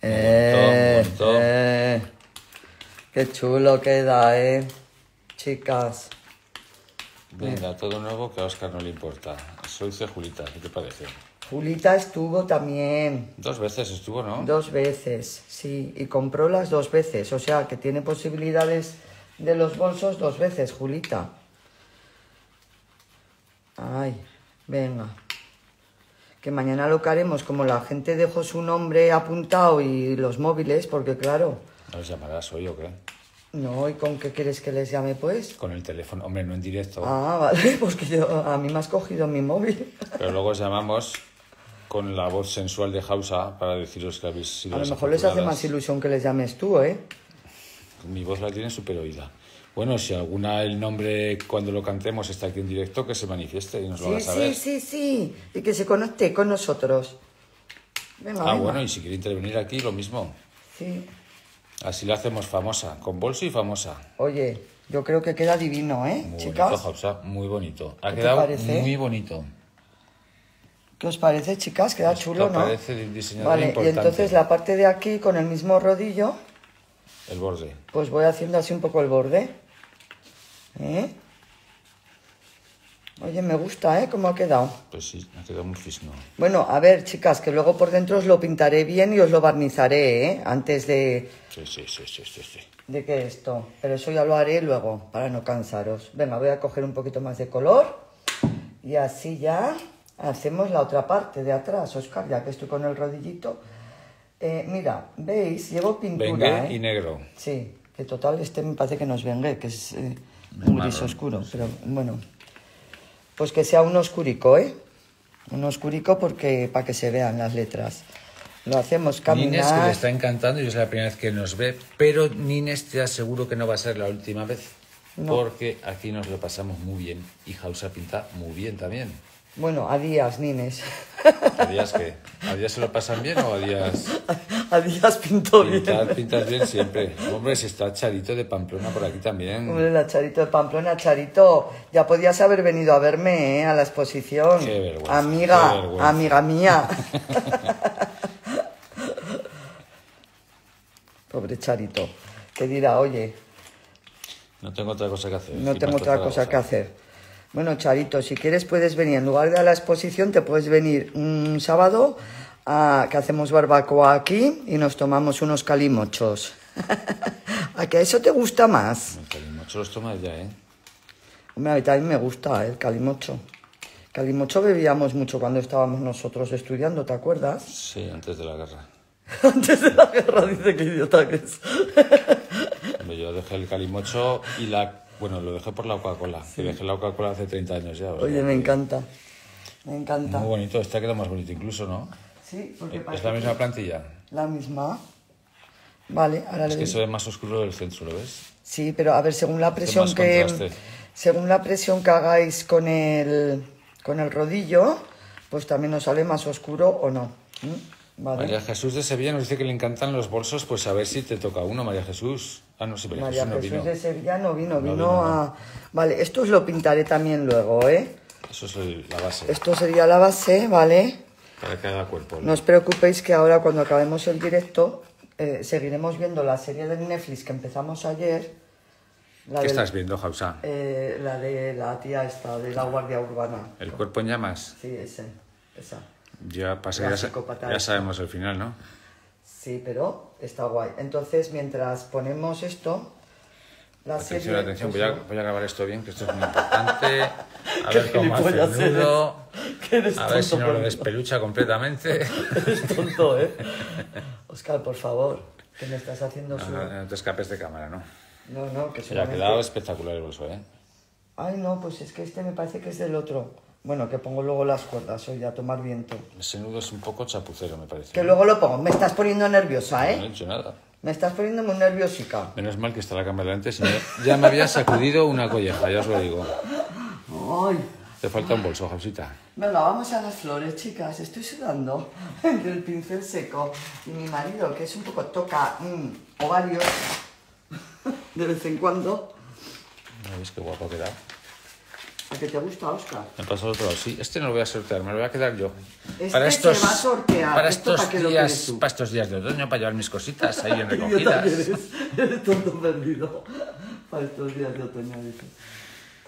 Eh, eh, qué chulo queda, ¿eh? Chicas. Venga, todo nuevo que a Oscar no le importa. Soy cejulita, ¿qué te parece? Julita estuvo también. Dos veces estuvo, ¿no? Dos veces, sí. Y compró las dos veces. O sea, que tiene posibilidades de los bolsos dos veces, Julita. Ay, venga. Que mañana lo que haremos, como la gente dejó su nombre apuntado y los móviles, porque claro... ¿Nos llamarás hoy o qué? No, ¿y con qué quieres que les llame, pues? Con el teléfono, hombre, no en directo. Ah, vale, pues que a mí me has cogido mi móvil. Pero luego llamamos con la voz sensual de Hausa para deciros que habéis sido. A lo mejor les hace más ilusión que les llames tú, ¿eh? Mi voz la tiene súper oída. Bueno, si alguna el nombre cuando lo cantemos está aquí en directo, que se manifieste y nos lo sí, haga saber. Sí, sí, sí, y que se conecte con nosotros. Venga, ah, bueno, y si quiere intervenir aquí, lo mismo. Sí. Así la hacemos famosa, con bolso y famosa. Oye, yo creo que queda divino, ¿eh? Muy Chicas. Hausa, muy bonito. Ha quedado muy bonito. ¿Qué os parece, chicas? Queda chulo, ¿no? vale, y entonces la parte de aquí con el mismo rodillo. El borde. Pues voy haciendo así un poco el borde. ¿eh? Oye, me gusta, ¿eh? ¿Cómo ha quedado? Pues sí, ha quedado muy fisno. Bueno, a ver, chicas, que luego por dentro os lo pintaré bien y os lo barnizaré, ¿eh? Antes de... Sí, sí, sí, sí, sí. sí. De que esto. Pero eso ya lo haré luego, para no cansaros. Venga, voy a coger un poquito más de color. Y así ya hacemos la otra parte de atrás, Oscar, ya que estoy con el rodillito. Eh, mira, veis, llevo pintura. Vengue ¿eh? y negro. Sí, que total este me parece que nos es que es eh, un gris oscuro, pero bueno. Pues que sea un oscurico, ¿eh? Un oscurico porque para que se vean las letras. Lo hacemos caminar. Nines que le está encantando y es la primera vez que nos ve, pero Nines te aseguro que no va a ser la última vez. Porque aquí nos lo pasamos muy bien y Hausa pinta muy bien también. Bueno, a días, nines. ¿A días qué? ¿A días se lo pasan bien o a días...? A días pinto bien. Pintas bien siempre. Hombre, si está Charito de Pamplona por aquí también. Hombre, la Charito de Pamplona. Charito, ya podías haber venido a verme, ¿eh? A la exposición. Amiga, amiga mía. Pobre Charito, que dirá, oye... No tengo otra cosa que hacer. No tengo otra cosa que hacer. Bueno, Charito, si quieres puedes venir. En lugar de a la exposición, te puedes venir un sábado a, que hacemos barbacoa aquí y nos tomamos unos calimochos. ¿A que eso te gusta más? Los calimocho los tomas ya, ¿eh? Hombre, a mí también me gusta ¿eh? el calimocho. Calimocho bebíamos mucho cuando estábamos nosotros estudiando, ¿te acuerdas? Sí, antes de la guerra. antes de la guerra, dice que idiota que es. yo dejé el calimocho y la bueno, lo dejé por la Coca-Cola, dejé la Coca-Cola hace 30 años ya. Oye, me encanta, me encanta. Muy bonito, este ha quedado más bonito incluso, ¿no? Sí, porque eh, ¿Es la misma plantilla? La misma. Vale, ahora Es que se es más oscuro del centro, ¿lo ves? Sí, pero a ver, según la presión que según la presión que hagáis con el con el rodillo, pues también nos sale más oscuro o no. ¿Mm? María Jesús de Sevilla nos dice que le encantan los bolsos, pues a ver si te toca uno, María Jesús. Ah, no, se María no vino. de Sevilla no vino, vino, a... Vale, esto os lo pintaré también luego, ¿eh? Eso es la base. Esto sería la base, ¿vale? Para que haga cuerpo. ¿no? os preocupéis que ahora cuando acabemos el directo eh, seguiremos viendo la serie de Netflix que empezamos ayer. ¿Qué estás viendo, Jausa? Eh, la de la tía esta, de la Guardia Urbana. ¿El cuerpo en llamas? Sí, ese, Ya, pasa, ya sabemos el final, ¿no? Sí, pero está guay. Entonces, mientras ponemos esto, la atención, serie... Atención, voy a, voy a grabar esto bien, que esto es muy importante. A ver cómo hace el nudo. a ver si no lo despelucha completamente. Eres tonto, ¿eh? Oscar, por favor, que me estás haciendo no, No, te escapes de cámara, ¿no? No, no, que solamente... Se ha quedado espectacular el bolso, ¿eh? Ay, no, pues es que este me parece que es del otro. Bueno, que pongo luego las cuerdas hoy a tomar viento. Ese nudo es un poco chapucero, me parece. Que luego lo pongo. Me estás poniendo nerviosa, ¿eh? No he hecho nada. Me estás poniendo muy nerviosica. Menos mal que está la cámara delante, señor. ya me había sacudido una colleja, ya os lo digo. Ay. Te falta un bolso, Josita. Venga, vamos a las flores, chicas. Estoy sudando entre el pincel seco y mi marido, que es un poco toca mm, ovarios de vez en cuando. es qué guapo queda? ¿A que te gusta, Oscar? Me pasó otro, sí. Este no lo voy a sortear, me lo voy a quedar yo. Este para estos, sortear. Para estos, días, estos días de otoño, para llevar mis cositas ahí en recogidas. eres tonto perdido. Para estos días de otoño,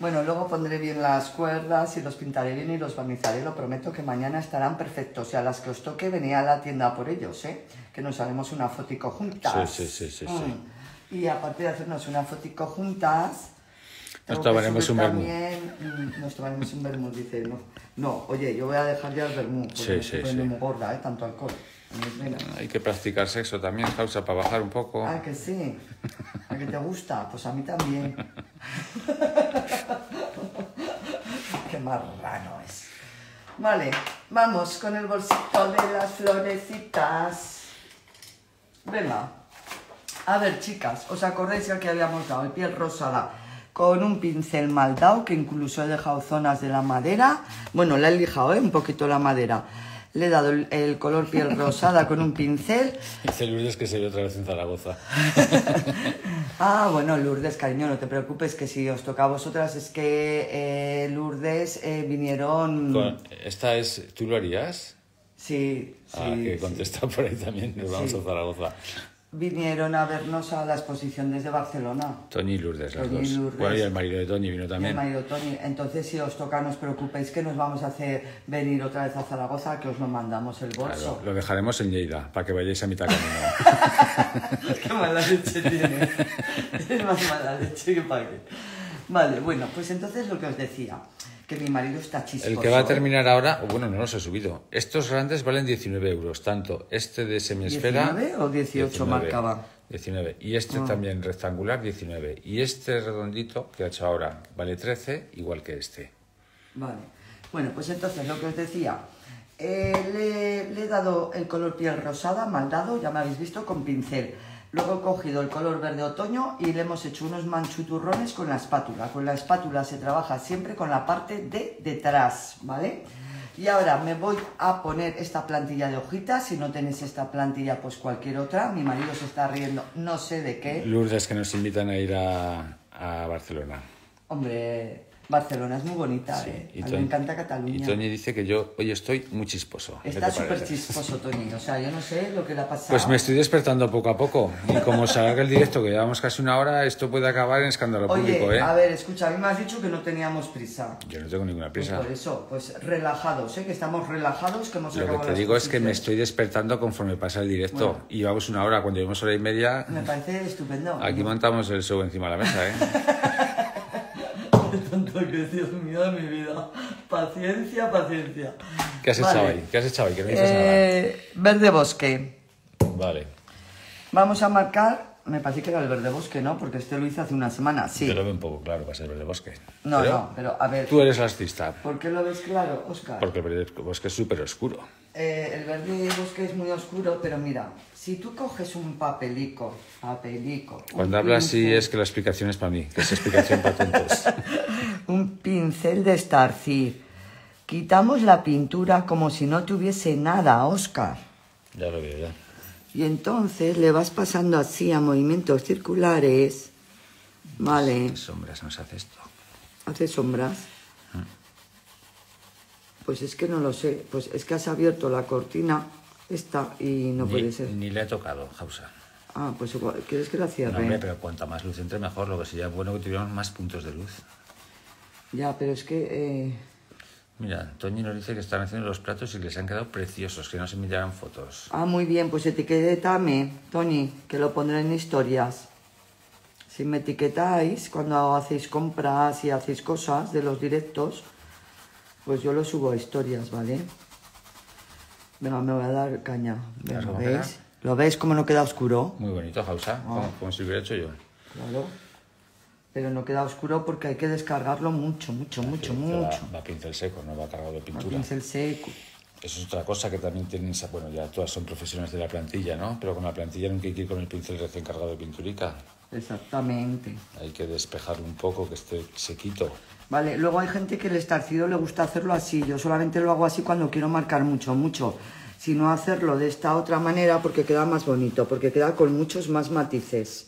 Bueno, luego pondré bien las cuerdas y los pintaré bien y los barnizaré. Lo prometo que mañana estarán perfectos. Y a las que os toque, venid a la tienda por ellos, ¿eh? Que nos haremos una fotico juntas. Sí, sí, sí, sí. Mm. Y aparte de hacernos una fotico juntas, nos tomaremos un vermouth. Nos tomaremos un vermut dice. No, no, oye, yo voy a dejar ya el vermut, Porque sí, me sí, muy gorda, ¿eh? Tanto alcohol. Hay que practicar sexo también, causa, para bajar un poco. Ah, que sí. ¿A que te gusta? Pues a mí también. Qué marrano es. Vale, vamos con el bolsito de las florecitas. Venga. A ver, chicas, ¿os acordáis ya que habíamos dado el piel rosada? con un pincel mal que incluso he dejado zonas de la madera. Bueno, la he lijado ¿eh? un poquito la madera. Le he dado el, color piel rosada con un pincel. Dice Lourdes que se ve otra vez en Zaragoza. ah, bueno, Lourdes, cariño, no te preocupes, que si os toca a vosotras es que eh, Lourdes eh, vinieron... esta es... ¿Tú lo harías? Sí. Ah, que contesta por ahí también, nos vamos a Zaragoza vinieron a vernos a la exposición desde Barcelona. Tony y Lourdes, las dos. Lourdes. Bueno, el marido de Tony vino también. el marido de Tony. Entonces, si os toca, no os preocupéis que nos vamos a hacer venir otra vez a Zaragoza, que os lo mandamos el bolso. Claro, lo dejaremos en Lleida, para que vayáis a mitad camino. qué mala leche tiene. es más mala leche que para qué. Vale, bueno, pues entonces lo que os decía que mi marido está chistoso. El que va a terminar ahora, bueno, no los he subido. Estos grandes valen 19 euros, tanto este de semiesfera... ¿19 o 18 marcaba? 19. Y este ah. también rectangular, 19. Y este redondito que ha hecho ahora vale 13, igual que este. Vale. Bueno, pues entonces lo que os decía, eh, le, he dado el color piel rosada, mal dado, ya me habéis visto, con pincel. Luego he cogido el color verde otoño y le hemos hecho unos manchuturrones con la espátula. Con la espátula se trabaja siempre con la parte de detrás, ¿vale? Y ahora me voy a poner esta plantilla de hojitas. Si no tenéis esta plantilla, pues cualquier otra. Mi marido se está riendo, no sé de qué. Lourdes, que nos invitan a ir a, a Barcelona. Hombre, Barcelona es muy bonita, ¿eh? a mí me encanta Cataluña. Y dice que yo hoy estoy muy chisposo. Está súper chisposo, Tony, O sea, yo no sé lo que le ha pasado. Pues me estoy despertando poco a poco. Y como se haga el directo, que llevamos casi una hora, esto puede acabar en escándalo público, ¿eh? A ver, escucha, a mí me has dicho que no teníamos prisa. Yo no tengo ninguna prisa. Pues por eso, pues relajados, ¿eh? Que estamos relajados, que hemos Lo que te digo es que me estoy despertando conforme pasa el directo. Y llevamos una hora, cuando llevamos hora y media. Me parece estupendo. Aquí montamos el show encima de la mesa, ¿eh? Tanto que Dios mío de mi vida. Paciencia, paciencia. ¿Qué has echado hecho ahí? ¿Qué has hecho ahí? ¿Qué no dices nada? Eh, verde bosque. Vale. Vamos a marcar. Me parece que era el verde bosque, ¿no? Porque este lo hice hace una semana, sí. Yo lo un poco claro, va a ser verde bosque. No, no, pero a ver. Tú eres artista. ¿Por qué lo ves claro, Oscar? Porque el verde bosque es súper oscuro eh, el verde bosque es muy oscuro, pero mira, si tú coges un papelico, papelico... Cuando hablas así es que la explicación es para mí, que es explicación para un pincel de estarcir. Quitamos la pintura como si no tuviese nada, Oscar. Ya lo veo, ya. Y entonces le vas pasando así a movimientos circulares. Vale. sombras nos hace esto? Hace sombras. Pues es que no lo sé. Pues es que has abierto la cortina esta y no puede ser. Ni le he tocado, Jausa. Ah, pues ¿quieres que la cierre? No, pero cuanta más luz entre, mejor. Lo que sería bueno que tuviéramos más puntos de luz. Ya, pero es que... Eh, Mira, Toñi nos dice que están haciendo los platos y les han quedado preciosos, que no se miraran fotos. Ah, muy bien, pues etiquetame, Toñi, que lo pondré en historias. Si me etiquetáis cuando hacéis compras y hacéis cosas de los directos, pues yo lo subo a historias, ¿vale? Venga, me voy a dar caña. ¿Lo veis? ¿Lo veis cómo no queda oscuro? Muy bonito, Jausa, ah. ¿Cómo como, si hubiera hecho yo. Claro. Pero no queda oscuro porque hay que descargarlo mucho, mucho, mucho, mucho. Va pincel seco, no va cargado de pintura. Va pincel seco. Eso es otra cosa que también tienen, bueno, ya todas son profesiones de la plantilla, ¿no? Pero con la plantilla nunca hay que ir con el pincel recién cargado de pinturica. Exactamente. Hay que despejar un poco, que esté sequito. ¿vale? Luego hay gente que el estarcido le gusta hacerlo así, yo solamente lo hago así cuando quiero marcar mucho, mucho, sino hacerlo de esta otra manera porque queda más bonito, porque queda con muchos más matices.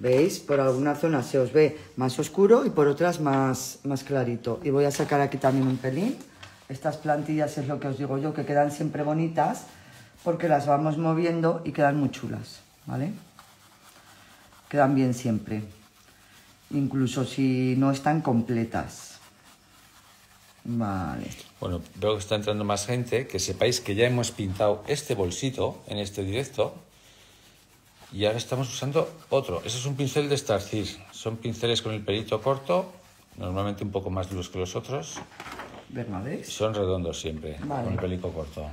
¿Veis? Por alguna zona se os ve más oscuro y por otras más, más clarito. Y voy a sacar aquí también un pelín. Estas plantillas es lo que os digo yo, que quedan siempre bonitas porque las vamos moviendo y quedan muy chulas, ¿vale? Quedan bien siempre incluso si no están completas. Vale. Bueno, veo que está entrando más gente. Que sepáis que ya hemos pintado este bolsito en este directo. Y ahora estamos usando otro. Ese es un pincel de Starcir. Son pinceles con el pelito corto, normalmente un poco más duros que los otros. ¿Verdad? Son redondos siempre, con el pelito corto.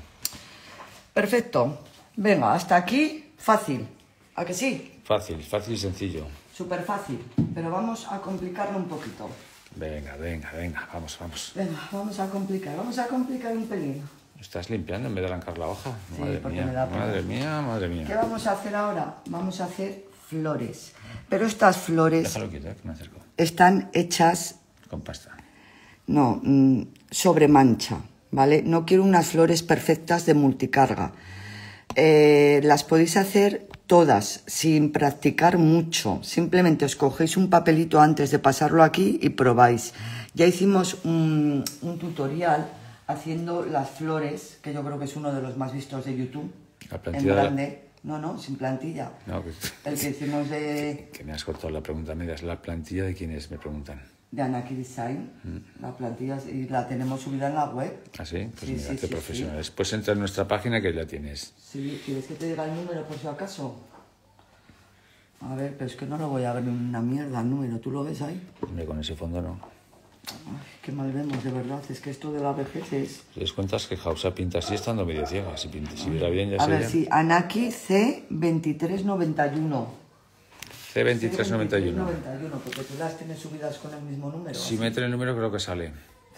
Perfecto. Venga, hasta aquí, fácil. ¿A que sí? Fácil, fácil y sencillo. Súper fácil, pero vamos a complicarlo un poquito. Venga, venga, venga, vamos, vamos. Venga, vamos a complicar, vamos a complicar un pelín. ¿Estás limpiando en vez de arrancar la hoja? Sí, madre mía, madre mía, madre mía. ¿Qué vamos a hacer ahora? Vamos a hacer flores. Pero estas flores... Déjalo eh, que me acerco. Están hechas... Con pasta. No, mm, sobre mancha, ¿vale? No quiero unas flores perfectas de multicarga. Eh, las podéis hacer todas sin practicar mucho. Simplemente os cogéis un papelito antes de pasarlo aquí y probáis. Ya hicimos un, tutorial haciendo las flores, que yo creo que es uno de los más vistos de YouTube. En grande. No, no, sin plantilla. Pues, el que hicimos de... Que me has cortado la pregunta media. ¿Es la plantilla de quienes me preguntan? de Anaki Design, mm. la plantilla, y la tenemos subida en la web. Ah, sí, pues sí, mira, qué entra en nuestra página que ya tienes. Sí, ¿quieres que te diga el número por si acaso? A ver, pero es que no lo voy a ver en una mierda el número, ¿tú lo ves ahí? Hombre, con ese fondo no. Ay, qué mal vemos, de verdad, es que esto de la vejez es... ¿Te das cuenta que Hausa pinta así estando medio ciega? Si, pinta, si bien ya A ver, sí, Anaki C2391. C2391. 91, porque todas tienen subidas con el mismo número. Si meten el número creo que sale.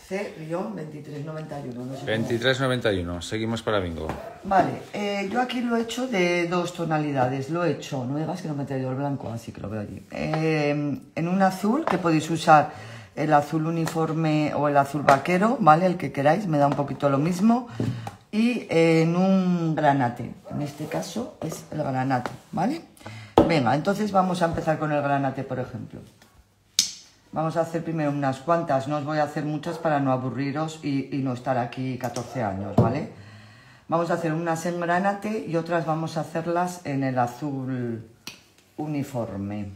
C-2391. No 2391, seguimos para bingo. Vale, eh, yo aquí lo he hecho de dos tonalidades. Lo he hecho, no digas que no me he traído el blanco, así que lo veo allí. Em, en un azul, que podéis usar el azul uniforme o el azul vaquero, ¿vale? El que queráis, me da un poquito lo mismo. Y en un granate, en este caso es el granate, ¿vale? Venga, entonces vamos a empezar con el granate, por ejemplo. Vamos a hacer primero unas cuantas, no os voy a hacer muchas para no aburriros y, no estar aquí 14 años, ¿vale? Vamos a hacer unas en granate y otras vamos a hacerlas en el azul uniforme.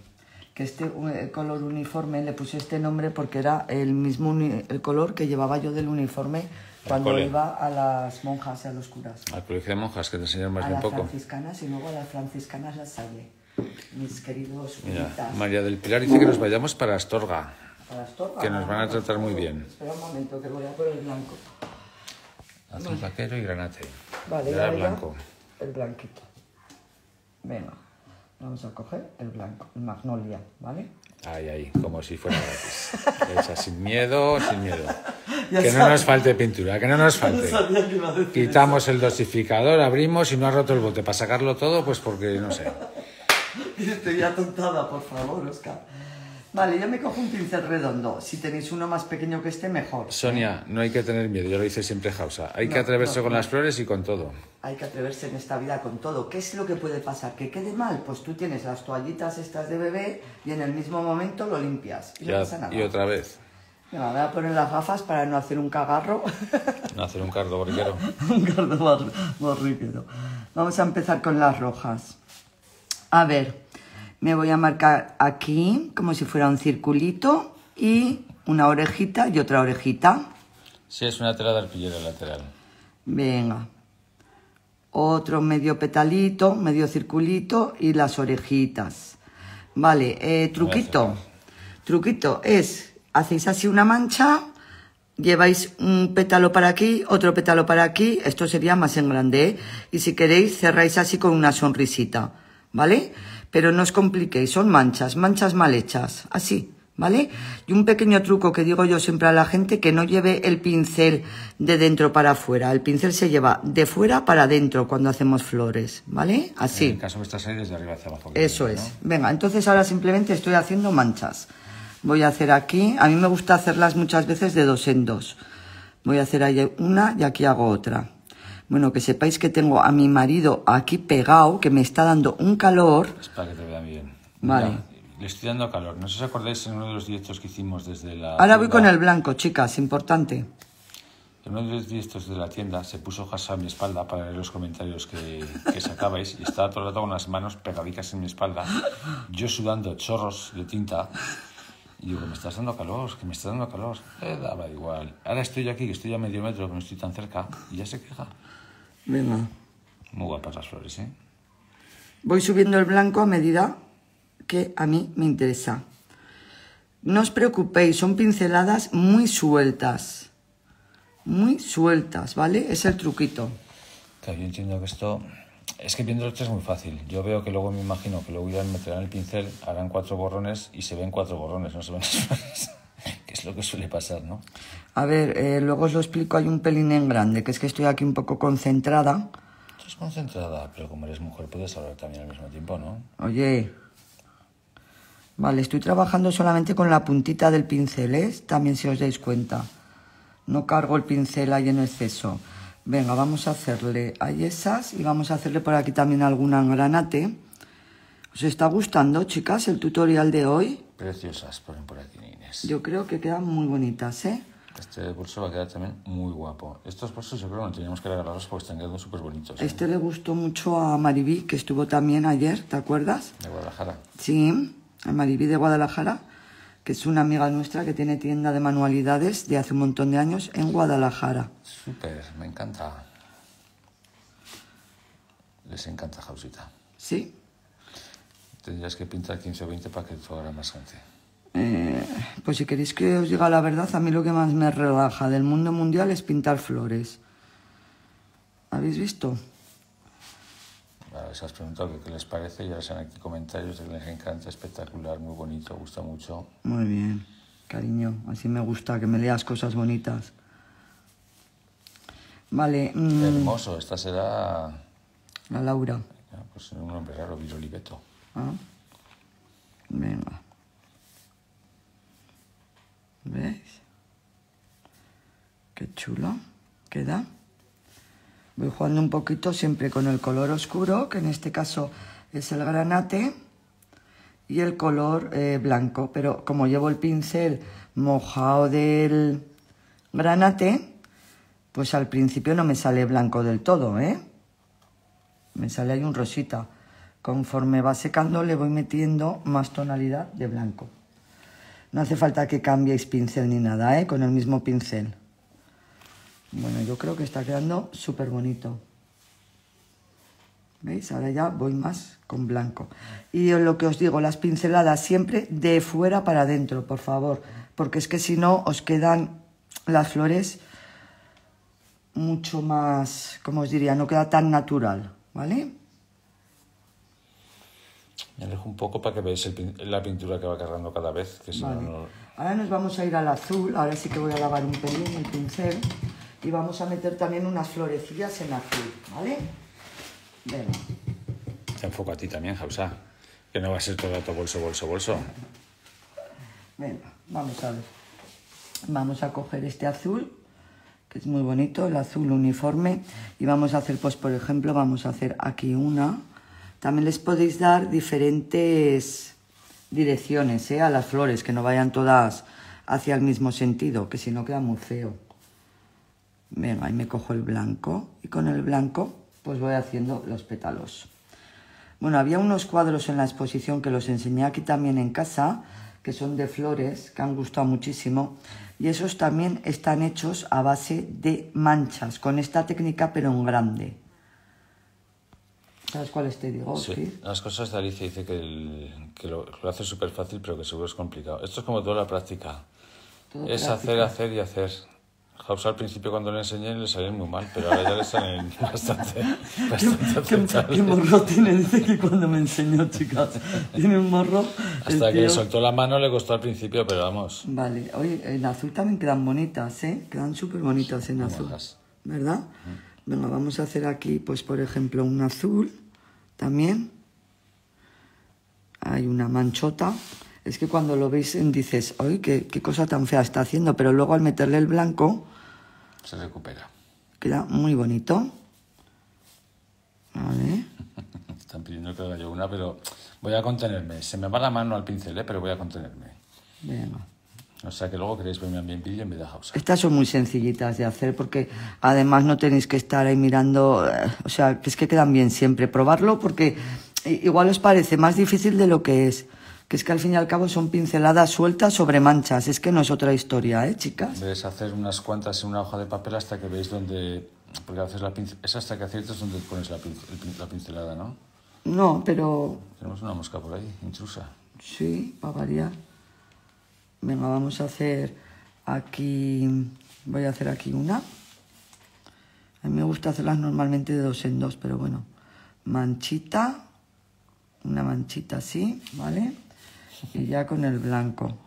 Que este color uniforme le puse este nombre porque era el mismo el color que llevaba yo del uniforme cuando iba a las monjas y a los curas. Al colegio de monjas, que te enseñaron más poco. A las franciscanas y luego a las franciscanas las salle mis queridos María del Pilar dice que nos vayamos para Astorga. Para Astorga. Que nos van a tratar muy bien. Espera un momento, que voy a por el blanco. Azul vaquero y granate. Vale, el blanco. El blanquito. Venga, vamos a coger el blanco, el magnolia, ¿vale? Ahí, ahí, como si fuera gratis. sin miedo, sin miedo. que no nos falte pintura, que no nos falte. Quitamos el dosificador, abrimos y no ha roto el bote. Para sacarlo todo, pues porque no sé. Estoy atontada, por favor, Oscar. Vale, yo me cojo un pincel redondo. Si tenéis uno más pequeño que este, mejor. ¿eh? Sonia, no hay que tener miedo, yo lo hice siempre jausa. Hay que atreverse con las flores y con todo. Hay que atreverse en esta vida con todo. ¿Qué es lo que puede pasar? ¿Que quede mal? Pues tú tienes las toallitas estas de bebé y en el mismo momento lo limpias. Y Y otra vez. Me voy a poner las gafas para no hacer un cagarro. No hacer un cardo borriquero. un cardo borriquero. Vamos a empezar con las rojas. A ver, me voy a marcar aquí como si fuera un circulito y una orejita y otra orejita. Sí, es una tela de arpillero lateral. Venga. Otro medio petalito, medio circulito y las orejitas. Vale, eh, truquito. Truquito es, hacéis así una mancha, lleváis un pétalo para aquí, otro pétalo para aquí, esto sería más en grande, ¿eh? y si queréis cerráis así con una sonrisita, ¿vale? pero no os compliquéis, son manchas, manchas mal hechas, así, ¿vale? Y un pequeño truco que digo yo siempre a la gente, que no lleve el pincel de dentro para afuera, el pincel se lleva de fuera para adentro cuando hacemos flores, ¿vale? Así. En el caso de estas series de arriba hacia abajo. Eso es. Venga, entonces ahora simplemente estoy haciendo manchas. Voy a hacer aquí, a mí me gusta hacerlas muchas veces de dos en dos. Voy a hacer ahí una y aquí hago otra. Bueno, que sepáis que tengo a mi marido aquí pegado, que me está dando un calor. Es para que te vean bien. Vale. le estoy dando calor. No sé si acordáis en uno de los directos que hicimos desde la. Ahora voy con el blanco, chicas, importante. En uno de los directos de la tienda se puso hojas a mi espalda para leer los comentarios que, que sacabais y estaba todo el rato con las manos pegadicas en mi espalda, yo sudando chorros de tinta y digo, me estás dando calor, que me estás dando calor. Eh, daba igual. Ahora estoy aquí, que estoy a medio metro, pero no estoy tan cerca, y ya se queja. Venga. Muy guapas las flores, ¿eh? Voy subiendo el blanco a medida que a mí me interesa. No os preocupéis, son pinceladas muy sueltas. Muy sueltas, ¿vale? Es el truquito. Que yo entiendo que esto es que viendo esto es muy fácil. Yo veo que luego me imagino que luego meter meterán el pincel, harán cuatro borrones y se ven cuatro borrones, no se ven que es lo que suele pasar, ¿no? A ver, eh, luego os lo explico, hay un pelín en grande, que es que estoy aquí un poco concentrada. Estás concentrada, pero como eres mujer puedes hablar también al mismo tiempo, ¿no? Oye. Vale, estoy trabajando solamente con la puntita del pincel, ¿eh? También si os dais cuenta. No cargo el pincel ahí en exceso. Venga, vamos a hacerle a esas y vamos a hacerle por aquí también alguna granate. ¿Os está gustando, chicas, el tutorial de hoy? Preciosas, ponen por aquí, Inés. Yo creo que quedan muy bonitas, ¿eh? Este bolso va a quedar también muy guapo. Estos bolsos yo creo que no teníamos que regalarlos porque están quedando súper bonitos. ¿eh? Este le gustó mucho a Maribí, que estuvo también ayer, ¿te acuerdas? De Guadalajara. Sí, a Maribí de Guadalajara que es una amiga nuestra que tiene tienda de manualidades de hace un montón de años en Guadalajara. Súper, me encanta. Les encanta Jausita. Sí. Tendrías que pintar 15 o 20 para que fuera más gente. Eh, pues si queréis que os diga la verdad, a mí lo que más me relaja del mundo mundial es pintar flores. ¿Habéis visto? se has preguntado qué les parece, ya han aquí comentarios de que les encanta, espectacular, muy bonito, gusta mucho. Muy bien, cariño, así me gusta, que me leas cosas bonitas. Vale. Mm. Hermoso, esta será... La Laura. Pues un hombre raro, virolibeto ah. venga. ¿Ves? Qué chulo queda. Voy jugando un poquito siempre con el color oscuro, que en este caso es el granate, y el color eh, blanco. Pero como llevo el pincel mojado del granate, pues al principio no me sale blanco del todo, ¿eh? Me sale ahí un rosita. Conforme va secando le voy metiendo más tonalidad de blanco. No hace falta que cambiéis pincel ni nada, ¿eh? Con el mismo pincel. Bueno, yo creo que está quedando súper bonito. ¿Veis? Ahora ya voy más con blanco. Y lo que os digo, las pinceladas siempre de fuera para adentro, por favor. Porque es que si no, os quedan las flores mucho más, como os diría, no queda tan natural, ¿vale? Me alejo un poco para que veáis la pintura que va cargando cada vez. Ahora nos vamos a ir al azul, ahora sí que voy a lavar un pelín el pincel y vamos a meter también unas florecillas en azul, ¿vale? Venga. Te enfoco a ti también, Jausa, que no va a ser todo tu bolso, bolso, bolso. Venga, vamos a ver. Vamos a coger este azul, que es muy bonito, el azul uniforme, y vamos a hacer, pues por ejemplo, vamos a hacer aquí una. También les podéis dar diferentes direcciones ¿eh? a las flores, que no vayan todas hacia el mismo sentido, que si no queda muy feo. Venga, ahí me cojo el blanco y con el blanco pues voy haciendo los pétalos. Bueno, había unos cuadros en la exposición que los enseñé aquí también en casa, que son de flores, que han gustado muchísimo, y esos también están hechos a base de manchas, con esta técnica pero en grande. ¿Sabes cuáles te digo? Sí, las cosas de Alicia dice que, lo, hace súper fácil, pero que seguro es complicado. Esto es como toda la práctica. es hacer, hacer y hacer al principio cuando le enseñé le salían muy mal, pero ahora ya le salen bastante, bastante ¿Qué, morro tiene? Dice que cuando me enseñó, chicas, tiene un morro... Hasta que le soltó la mano le costó al principio, pero vamos. Vale. Oye, en azul también quedan bonitas, ¿eh? Quedan súper bonitas en azul, ¿verdad? Venga, vamos a hacer aquí, pues, por ejemplo, un azul también. Hay una manchota. Es que cuando lo veis dices, ¡ay, qué, qué cosa tan fea está haciendo! Pero luego al meterle el blanco se recupera. Queda muy bonito. Vale. Están pidiendo que haga yo una, pero voy a contenerme. Se me va la mano al pincel, ¿eh? pero voy a contenerme. O sea que luego queréis verme a mi bien en me de usar. Estas son muy sencillitas de hacer porque además no tenéis que estar ahí mirando. Eh, o sea, es que quedan bien siempre. Probarlo porque igual os parece más difícil de lo que es que es que al fin y al cabo son pinceladas sueltas sobre manchas. Es que no es otra historia, ¿eh, chicas? Debes hacer unas cuantas en una hoja de papel hasta que veis dónde... Porque haces la pincel... es hasta que aciertas donde pones la, pincelada, ¿no? No, pero... Tenemos una mosca por ahí, intrusa. Sí, va variar. Venga, vamos a hacer aquí... Voy a hacer aquí una. A mí me gusta hacerlas normalmente de dos en dos, pero bueno. Manchita, una manchita así, ¿vale? y ya con el blanco.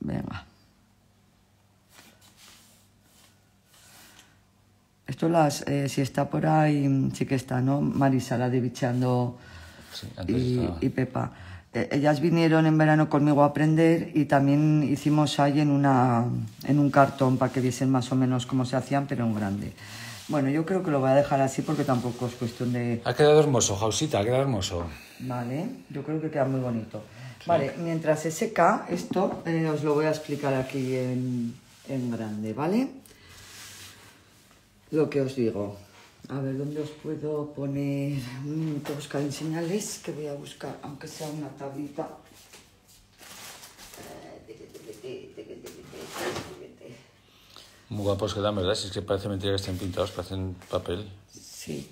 Venga. Esto las, eh, si está por ahí, sí que está, ¿no? Marisa, la de y, y, Pepa. E, ellas vinieron en verano conmigo a aprender y también hicimos ahí en, una, en un cartón para que viesen más o menos cómo se hacían, pero en grande. Bueno, yo creo que lo voy a dejar así porque tampoco es cuestión de... Ha quedado hermoso, Jausita, ha quedado hermoso. Vale, yo creo que queda muy bonito. Vale, mientras se seca esto, eh, os lo voy a explicar aquí en, grande, ¿vale? Lo que os digo. A ver, ¿dónde os puedo poner? Un buscar en señales, que voy a buscar, aunque sea una tablita. Muy guapos quedan, ¿verdad? Si es que parece mentira que estén pintados, parecen papel. Sí.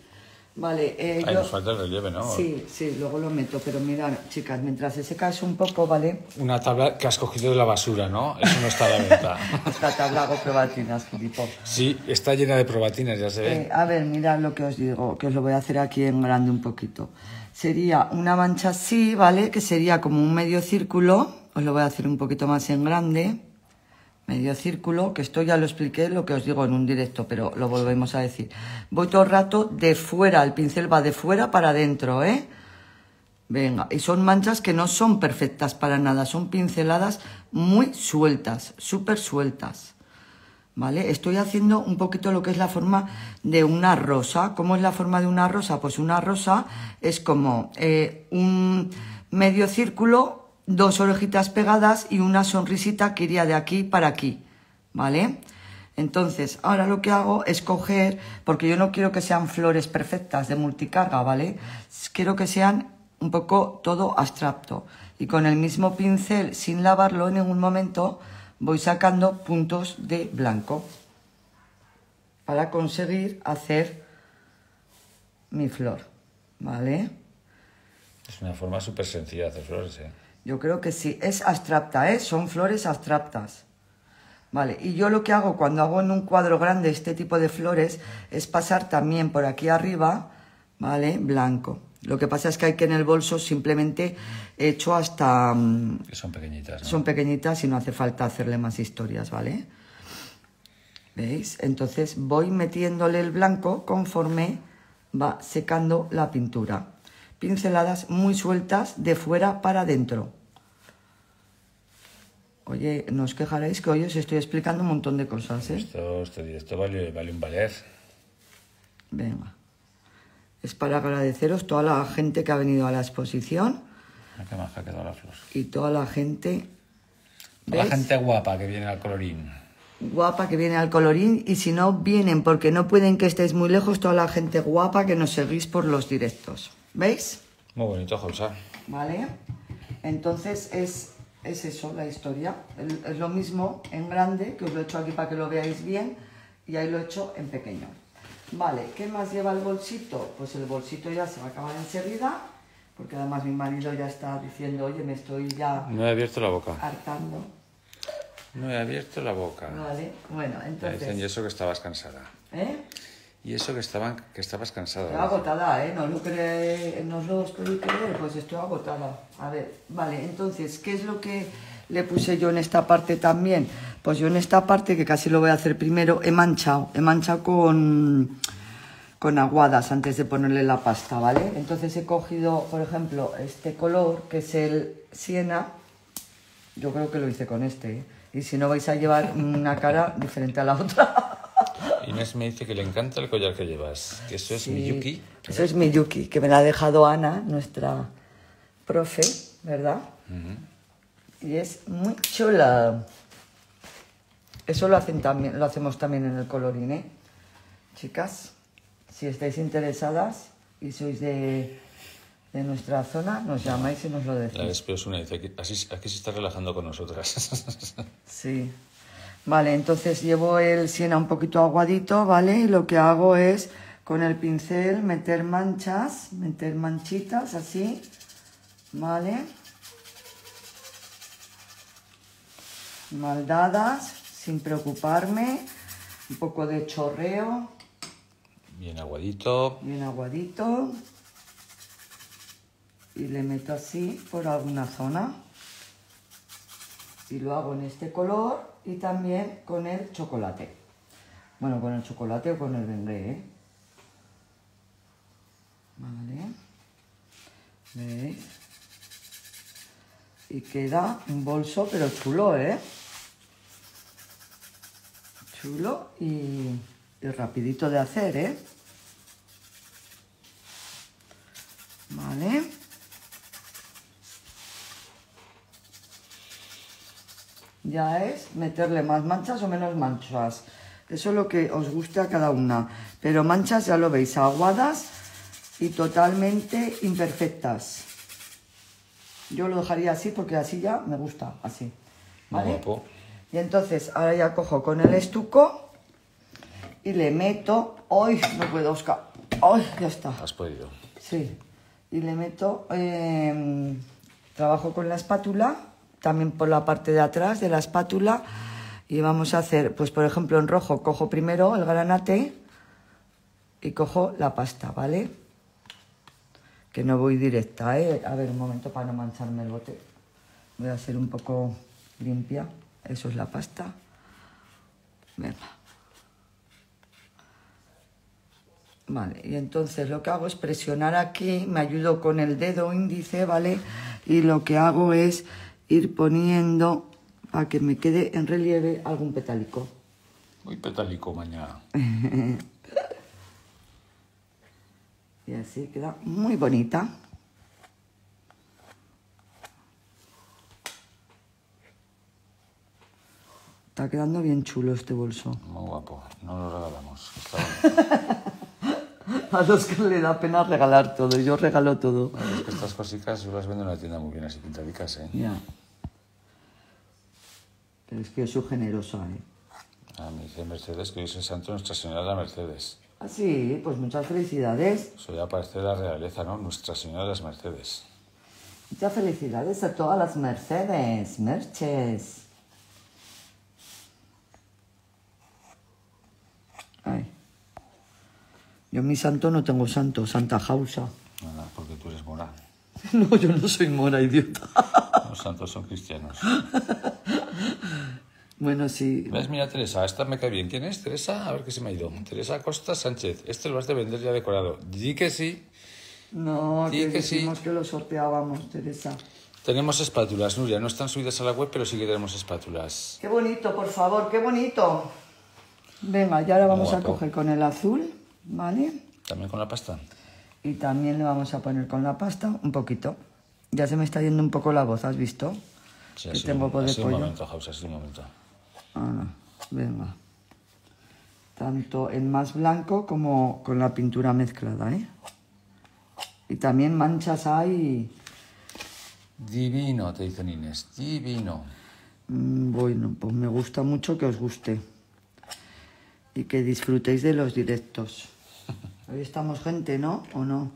Vale, eh, Ahí nos falta el relieve, ¿no? Sí, sí, luego lo meto, pero mira, chicas, mientras se seca un poco, ¿vale? Una tabla que has cogido de la basura, ¿no? Eso no está a la venta. Esta tabla hago probatinas, tipo. Sí, está llena de probatinas, ya se ve. Eh, a ver, mirad lo que os digo, que os lo voy a hacer aquí en grande un poquito. Sería una mancha así, ¿vale? Que sería como un medio círculo, os lo voy a hacer un poquito más en grande medio círculo, que esto ya lo expliqué, lo que os digo en un directo, pero lo volvemos a decir. Voy todo el rato de fuera, el pincel va de fuera para adentro, ¿eh? Venga, y son manchas que no son perfectas para nada, son pinceladas muy sueltas, súper sueltas. ¿Vale? Estoy haciendo un poquito lo que es la forma de una rosa. ¿Cómo es la forma de una rosa? Pues una rosa es como eh, un medio círculo dos orejitas pegadas y una sonrisita que iría de aquí para aquí, ¿vale? Entonces, ahora lo que hago es coger, porque yo no quiero que sean flores perfectas de multicarga, ¿vale? Quiero que sean un poco todo abstracto. Y con el mismo pincel, sin lavarlo en ningún momento, voy sacando puntos de blanco para conseguir hacer mi flor, ¿vale? Es una forma súper sencilla de hacer flores, ¿eh? Yo creo que sí. Es abstracta, ¿eh? Son flores abstractas. Vale, y yo lo que hago cuando hago en un cuadro grande este tipo de flores es pasar también por aquí arriba, ¿vale? Blanco. Lo que pasa es que hay que en el bolso simplemente hecho hasta... Mm, son pequeñitas. ¿no? Son pequeñitas y no hace falta hacerle más historias, ¿vale? ¿Veis? Entonces voy metiéndole el blanco conforme va secando la pintura pinceladas muy sueltas de fuera para adentro. Oye, nos quejaréis que hoy os estoy explicando un montón de cosas, ¿eh? Esto, esto, vale, un valer. Venga. Es para agradeceros toda la gente que ha venido a la exposición. Y toda la gente... Toda la gente guapa que viene al colorín. Guapa que viene al colorín. Y si no, vienen porque no pueden que estéis muy lejos. Toda la gente guapa que nos seguís por los directos. ¿Veis? Muy bonito, José. Vale. Entonces es, es eso la historia. Es lo mismo en grande, que os lo he hecho aquí para que lo veáis bien, y ahí lo he hecho en pequeño. Vale, ¿qué más lleva el bolsito? Pues el bolsito ya se va a acabar enseguida, porque además mi marido ya está diciendo, oye, me estoy ya... No he abierto la boca. Hartando. No he abierto la boca. Vale, bueno, entonces... Dicen, eso que estabas cansada. ¿Eh? Y eso que, estaban, que estabas cansada. Estoy agotada, ¿eh? No lo, cree, no lo creer, pues estoy agotada. A ver, vale, entonces, ¿qué es lo que le puse yo en esta parte también? Pues yo en esta parte, que casi lo voy a hacer primero, he manchado. He manchado con, con aguadas antes de ponerle la pasta, ¿vale? Entonces he cogido, por ejemplo, este color, que es el siena. Yo creo que lo hice con este, ¿eh? Y si no, vais a llevar una cara diferente a la otra. Inés me dice que le encanta el collar que llevas, que eso es Miyuki. Eso es Miyuki, que me la ha dejado Ana, nuestra profe, ¿verdad? Y es muy chula. Eso lo, hacen también, lo hacemos también en el colorín, ¿eh? Chicas, si estáis interesadas y sois de, de nuestra zona, nos llamáis y nos lo decís. La una dice, aquí se está relajando con nosotras. sí. Vale, entonces llevo el siena un poquito aguadito, ¿vale? Y lo que hago es con el pincel meter manchas, meter manchitas así, ¿vale? Maldadas, sin preocuparme, un poco de chorreo. Bien aguadito. Bien aguadito. Y le meto así por alguna zona y lo hago en este color y también con el chocolate. Bueno, con el chocolate o con el bengué, ¿eh? Vale. ¿Veis? Y queda un bolso, pero chulo, ¿eh? Chulo y, y rapidito de hacer, ¿eh? Vale. ya es meterle más manchas o menos manchas. Eso es lo que os guste a cada una. Pero manchas, ya lo veis, aguadas y totalmente imperfectas. Yo lo dejaría así porque así ya me gusta, así. Y entonces, ahora ya cojo con el estuco y le meto... hoy no puedo, Oscar! ¡Ay, ya está! Has podido. Sí. Y le meto... Em, trabajo con la espátula también por la parte de atrás de la espátula y vamos a hacer, pues por ejemplo en rojo cojo primero el granate y cojo la pasta, ¿vale? Que no voy directa, ¿eh? A ver, un momento para no mancharme el bote. Voy a hacer un poco limpia. Eso es la pasta. Vale, y entonces lo que hago es presionar aquí, me ayudo con el dedo índice, ¿vale? Y lo que hago es ir poniendo para que me quede en relieve algún petálico. Muy petálico mañana. y así queda muy bonita. Está quedando bien chulo este bolso. Muy guapo, no lo regalamos. A los que le da pena regalar todo, yo regalo todo. es que estas cositas yo las vendo en la tienda muy bien así pintadicas, ¿eh? Ya es que yo soy generosa, ¿eh? Ah, me dice Mercedes que hoy es el santo Nuestra Señora de la Mercedes. Ah, sí, pues muchas felicidades. eso ya parece la realeza, ¿no? Nuestra Señora de las Mercedes. Muchas felicidades a todas las Mercedes, Merches. Ay. Yo mi santo no tengo santo, Santa Jausa. porque tú eres mora. No, yo no soy mora, idiota. Los santos son cristianos. Bueno, sí. ¿Ves? Mira, Teresa, esta me cae bien. ¿Quién es? Teresa, a ver qué se me ha ido. Teresa Costa Sánchez. Este lo has de vender ya decorado. Di que sí. No, Di que, decimos que lo sorteábamos, Teresa. Tenemos espátulas, Nuria. No están subidas a la web, pero sí que tenemos espátulas. Qué bonito, por favor, qué bonito. Venga, ya la vamos a coger con el azul, ¿vale? También con la pasta. Y también lo vamos a poner con la pasta un poquito. Ya se me está yendo un poco la voz, ¿has visto? Sí, que un, pollo. un momento venga. Ah, Tanto el más blanco como con la pintura mezclada, ¿eh? Y también manchas hay... Divino, te dicen Inés, divino. Mm, bueno, pues me gusta mucho que os guste y que disfrutéis de los directos. Hoy estamos gente, ¿no? ¿O no?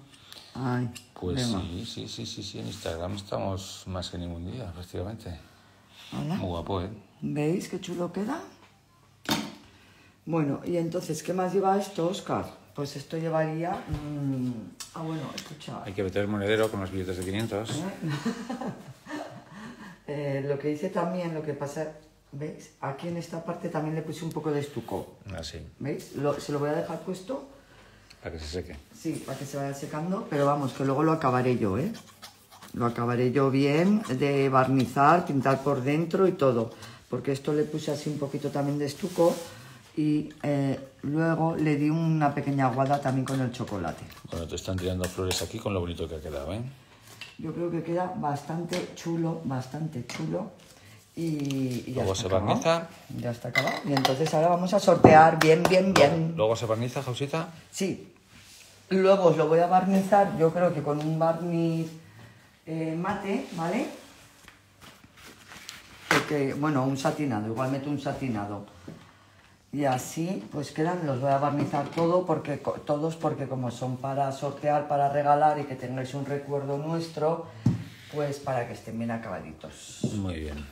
Ay, pues sí, sí, sí, sí, sí, en Instagram estamos más que ningún día, prácticamente guapo, ¿eh? ¿Veis qué chulo queda? Bueno, y entonces, ¿qué más lleva esto, Oscar? Pues esto llevaría... Mm, ah, bueno, escucha... Hay que meter el monedero con los billetes de 500. ¿Eh? Eh, lo que hice también, lo que pasa... ¿Veis? Aquí en esta parte también le puse un poco de estuco. Así. Ah, ¿Veis? se lo voy a dejar puesto. Para que se seque. Sí, para que se vaya secando, pero vamos, que luego lo acabaré yo, ¿eh? lo acabaré yo bien de barnizar, pintar por dentro y todo, porque esto le puse así un poquito también de estuco y eh, luego le di una pequeña aguada también con el chocolate. Bueno, te están tirando flores aquí con lo bonito que ha quedado, ¿eh? Yo creo que queda bastante chulo, bastante chulo. Y, ya luego se barniza. Ya está acabado. Y entonces ahora vamos a sortear bien, bien, bien. ¿Luego se barniza, Jausita? Sí. Luego os lo voy a barnizar, yo creo que con un barniz eh, mate, ¿vale? Porque, bueno, un satinado, igualmente un satinado. Y así, pues quedan, los voy a barnizar todo porque, todos porque como son para sortear, para regalar y que tengáis un recuerdo nuestro, pues para que estén bien acabaditos. Muy bien.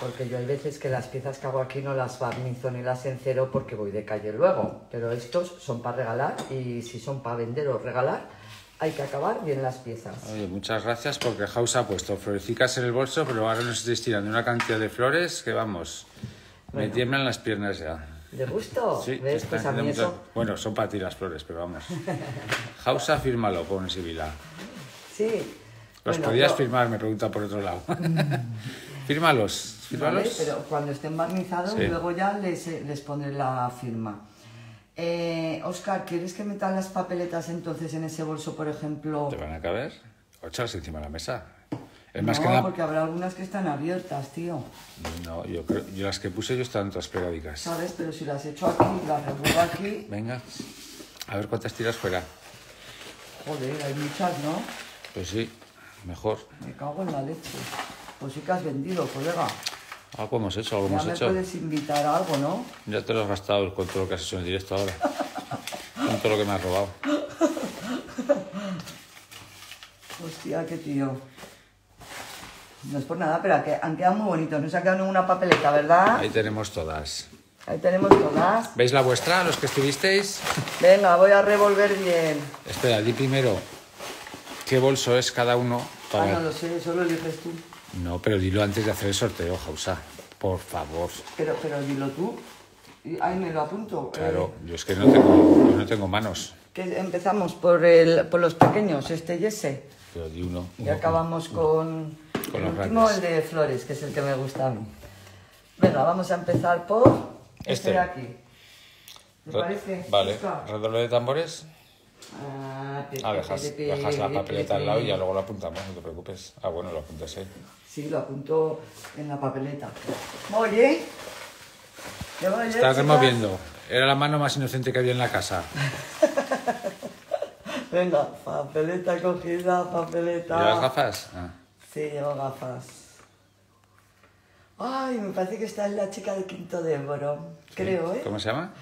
Porque yo hay veces que las piezas que hago aquí no las barnizo ni las encero porque voy de calle luego. Pero estos son para regalar y si son para vender o regalar, hay que acabar bien las piezas. muchas gracias porque Hausa ha puesto florecicas en el bolso, pero ahora nos estoy tirando una cantidad de flores que vamos, me tiemblan las piernas ya. ¿De gusto? Sí, ¿Ves? Pues Bueno, son para ti las flores, pero vamos. Hausa, fírmalo, pone Sibila. Sí. Los podías firmar, me pregunta por otro lado. fírmalos, fírmalos. pero cuando estén barnizados, luego ya les, eh, les pondré la firma. Eh, Oscar, ¿quieres que metan las papeletas entonces en ese bolso, por ejemplo? ¿Te van a caber? ¿O echarlas encima de la mesa? Es más no, que porque habrá algunas que están abiertas, tío. No, yo creo... Yo las que puse yo están todas ¿Sabes? Pero si las echo aquí, las revuelvo aquí... Venga, a ver cuántas tiras fuera. Joder, hay muchas, ¿no? Pues sí, mejor. Me cago en la leche. Pues sí que has vendido, colega. Algo ah, pues hemos hecho, algo ya hemos me puedes invitar a algo, ¿no? Ya te lo has gastado con todo lo que has hecho en directo ahora. con todo lo que me has robado. Hostia, qué tío. No es por nada, pero han quedado muy bonitos. se ha quedado en una papeleta, ¿verdad? Ahí tenemos todas. Ahí tenemos todas. ¿Veis la vuestra, los que estuvisteis? Venga, voy a revolver bien. Espera, di primero qué bolso es cada uno. Para... Ah, no lo sé, solo eliges tú. No, pero dilo antes de hacer el sorteo, Jausa. Por favor. Pero, pero dilo tú. Ahí me lo apunto. Eh. Claro, yo es que no tengo, no tengo manos. Que empezamos por, el, por los pequeños, este y ese. Pero di uno. y acabamos con, el último, el de flores, que es el que me gusta a mí. Venga, vamos a empezar por este, este. de aquí. ¿Te parece? Vale, redoble de tambores. Ah, ah dejas, dejas, la papeleta al lado y ya luego lo apuntamos, no te preocupes. Ah, bueno, lo apuntas ahí. Sí, lo apuntó en la papeleta. Oye. bien. removiendo. Era la mano más inocente que había en la casa. Venga, papeleta cogida, papeleta. ¿Llevas gafas? Ah. Sí, llevo gafas. Ay, me parece que esta es la chica de Quinto de creo, ¿eh? ¿Cómo se llama?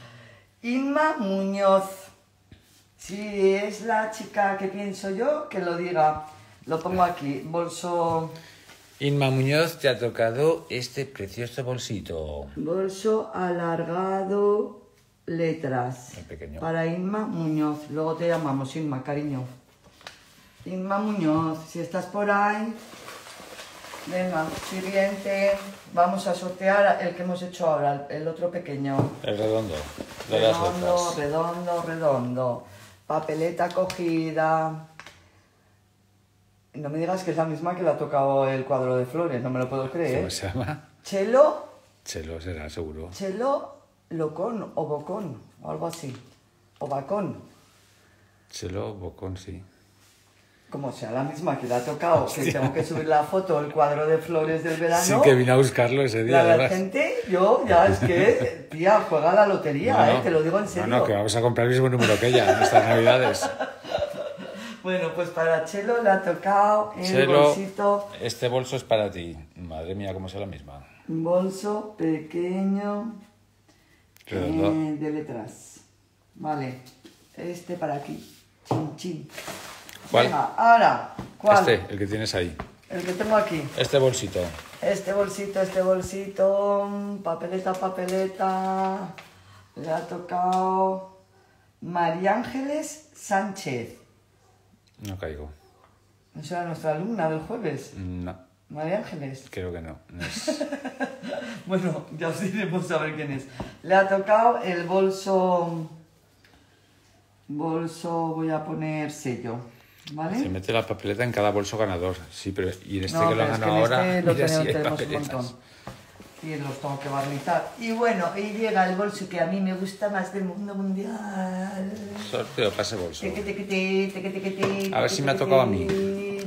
Inma Muñoz. Sí, es la chica que pienso yo que lo diga. Lo pongo aquí, bolso... Inma Muñoz te ha tocado este precioso bolsito. Bolso alargado, letras. El pequeño. Para Inma Muñoz. Luego te llamamos Inma, cariño. Inma Muñoz, si estás por ahí, venga, siguiente. Vamos a sortear el que hemos hecho ahora, el otro pequeño. El redondo. redondo, redondo, redondo. Papeleta cogida. No me digas que es la misma que le ha tocado el cuadro de flores, no me lo puedo creer. ¿Cómo se llama? Chelo. Chelo será, seguro. Chelo Locón o Bocón, o algo así. O Bacón. Chelo Bocón, sí. Como sea la misma que le ha tocado, que tengo que subir la foto, el cuadro de flores del verano. Sí, que vine a buscarlo ese día. La, la gente, yo ya es que, tía, juega la lotería, eh, te lo digo en serio. No, que vamos a comprar el mismo número que ella en estas navidades. Bueno, pues para Chelo le ha tocado el bolsito. Este bolso es para ti. Madre mía, cómo es la misma. Bolso pequeño eh, de letras. Vale. Este para aquí. Chin, ¿Cuál? ahora, ¿cuál? Este, el que tienes ahí. El que tengo aquí. Este bolsito. Este bolsito, este bolsito. Papeleta, papeleta. Le ha tocado María Ángeles Sánchez. No caigo. ¿No será nuestra alumna del jueves? No. ¿María Ángeles? Creo que no. bueno, ya os diremos a ver quién es. Le ha tocado el bolso. Bolso, voy a poner sello. ¿Vale? Se mete la papeleta en cada bolso ganador. Sí, pero. Y en este que lo ha ganado ahora. Este si y los tengo que barnizar. Y bueno, y llega el bolso que a mí me gusta más del mundo mundial. Sorteo para ese bolso. A ver si me ha tocado a mí.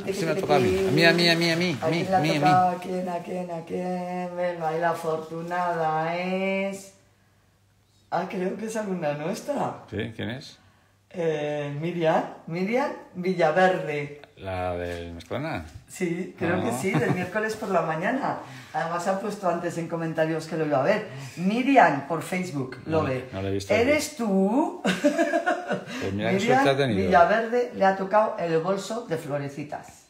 A ver si me ha a mí. A mí, a mí, a mí, a mí. A mí, a mí, a quién, a quién, a quién? Bueno, ahí la afortunada es... Ah, creo que es alguna nuestra. Sí, ¿quién es? Eh, Miriam, Miriam Villaverde. ¿La del Mezclana? Sí, creo que ah. sí, del miércoles por la mañana. Además han puesto antes en comentarios que lo iba a ver. Miriam por Facebook lo ve. ¿Eres tú? Pues mira Miriam suerte ha tenido. Villaverde le ha tocado el bolso de florecitas.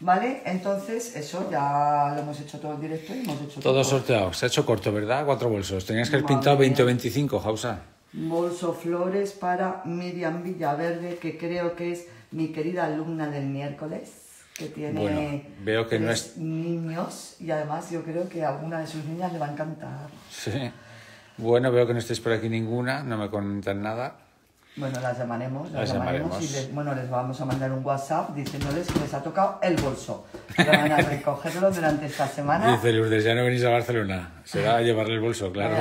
¿Vale? Entonces, eso ya lo hemos hecho todo en directo y hemos hecho todo. todo sorteado. Se ha hecho corto, ¿verdad? Cuatro bolsos. Tenías que haber pintado 20 o 25, Jausa. Bolso flores para Miriam Villaverde, que creo que es mi querida alumna del miércoles, que tiene niños y además yo creo que a alguna de sus niñas le va a encantar. Sí. Bueno, veo que no estáis por aquí ninguna, no me contan nada. Bueno, las llamaremos, las, llamaremos, y les, bueno, les vamos a mandar un WhatsApp diciéndoles que les ha tocado el bolso. van a recogerlo durante esta semana. Dice Lourdes, ya no venís a Barcelona. se va a llevar el bolso, claro.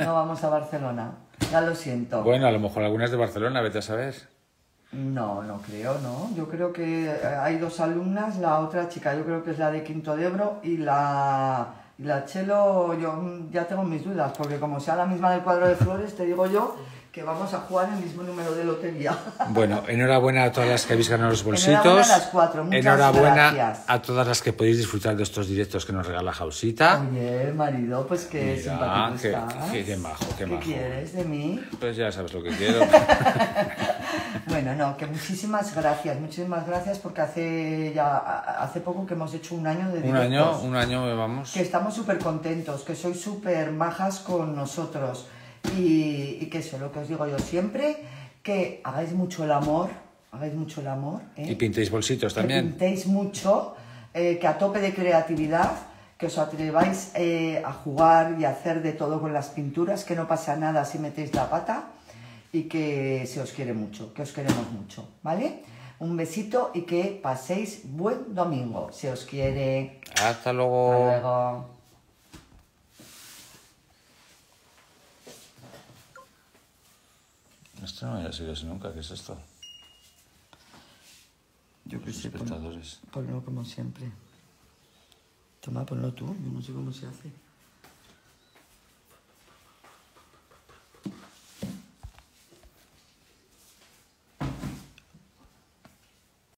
no vamos a Barcelona. Ya lo siento. Bueno, a lo mejor algunas de Barcelona, vete a saber. No, no creo, no. Yo creo que eh, hay dos alumnas, la otra chica yo creo que es la de quinto de Ebro y la, la Chelo, yo mm, ya tengo mis dudas, porque como sea la misma del cuadro de flores, te digo yo que vamos a jugar el mismo número de lotería. Bueno, enhorabuena a todas las que habéis ganado los bolsitos. Enhorabuena a las cuatro, muchas Enhorabuena a todas las que podéis disfrutar de estos directos que nos regala Jausita. Oye, marido, pues que Mira, simpático qué, estás. Qué, qué majo, qué, quieres de mí? Pues ya sabes lo que quiero. bueno, no, que muchísimas gracias, muchísimas gracias porque hace ya hace poco que hemos hecho un año de directos. Un año, un año, vamos. Que estamos súper contentos, que sois súper majas con nosotros y, que eso, lo que os digo yo siempre, que hagáis mucho el amor, hagáis mucho el amor. ¿eh? Y pintéis bolsitos también. Que pintéis mucho, eh, que a tope de creatividad, que os atreváis eh, a jugar y a hacer de todo con las pinturas, que no pasa nada si metéis la pata y que se os quiere mucho, que os queremos mucho, ¿vale? Un besito y que paséis buen domingo. Se os quiere. Hasta luego. Hasta luego. Esto no me así nunca, ¿qué es esto? Yo que sé, ponlo, ponlo como siempre. Toma, ponlo tú, yo no sé cómo se hace.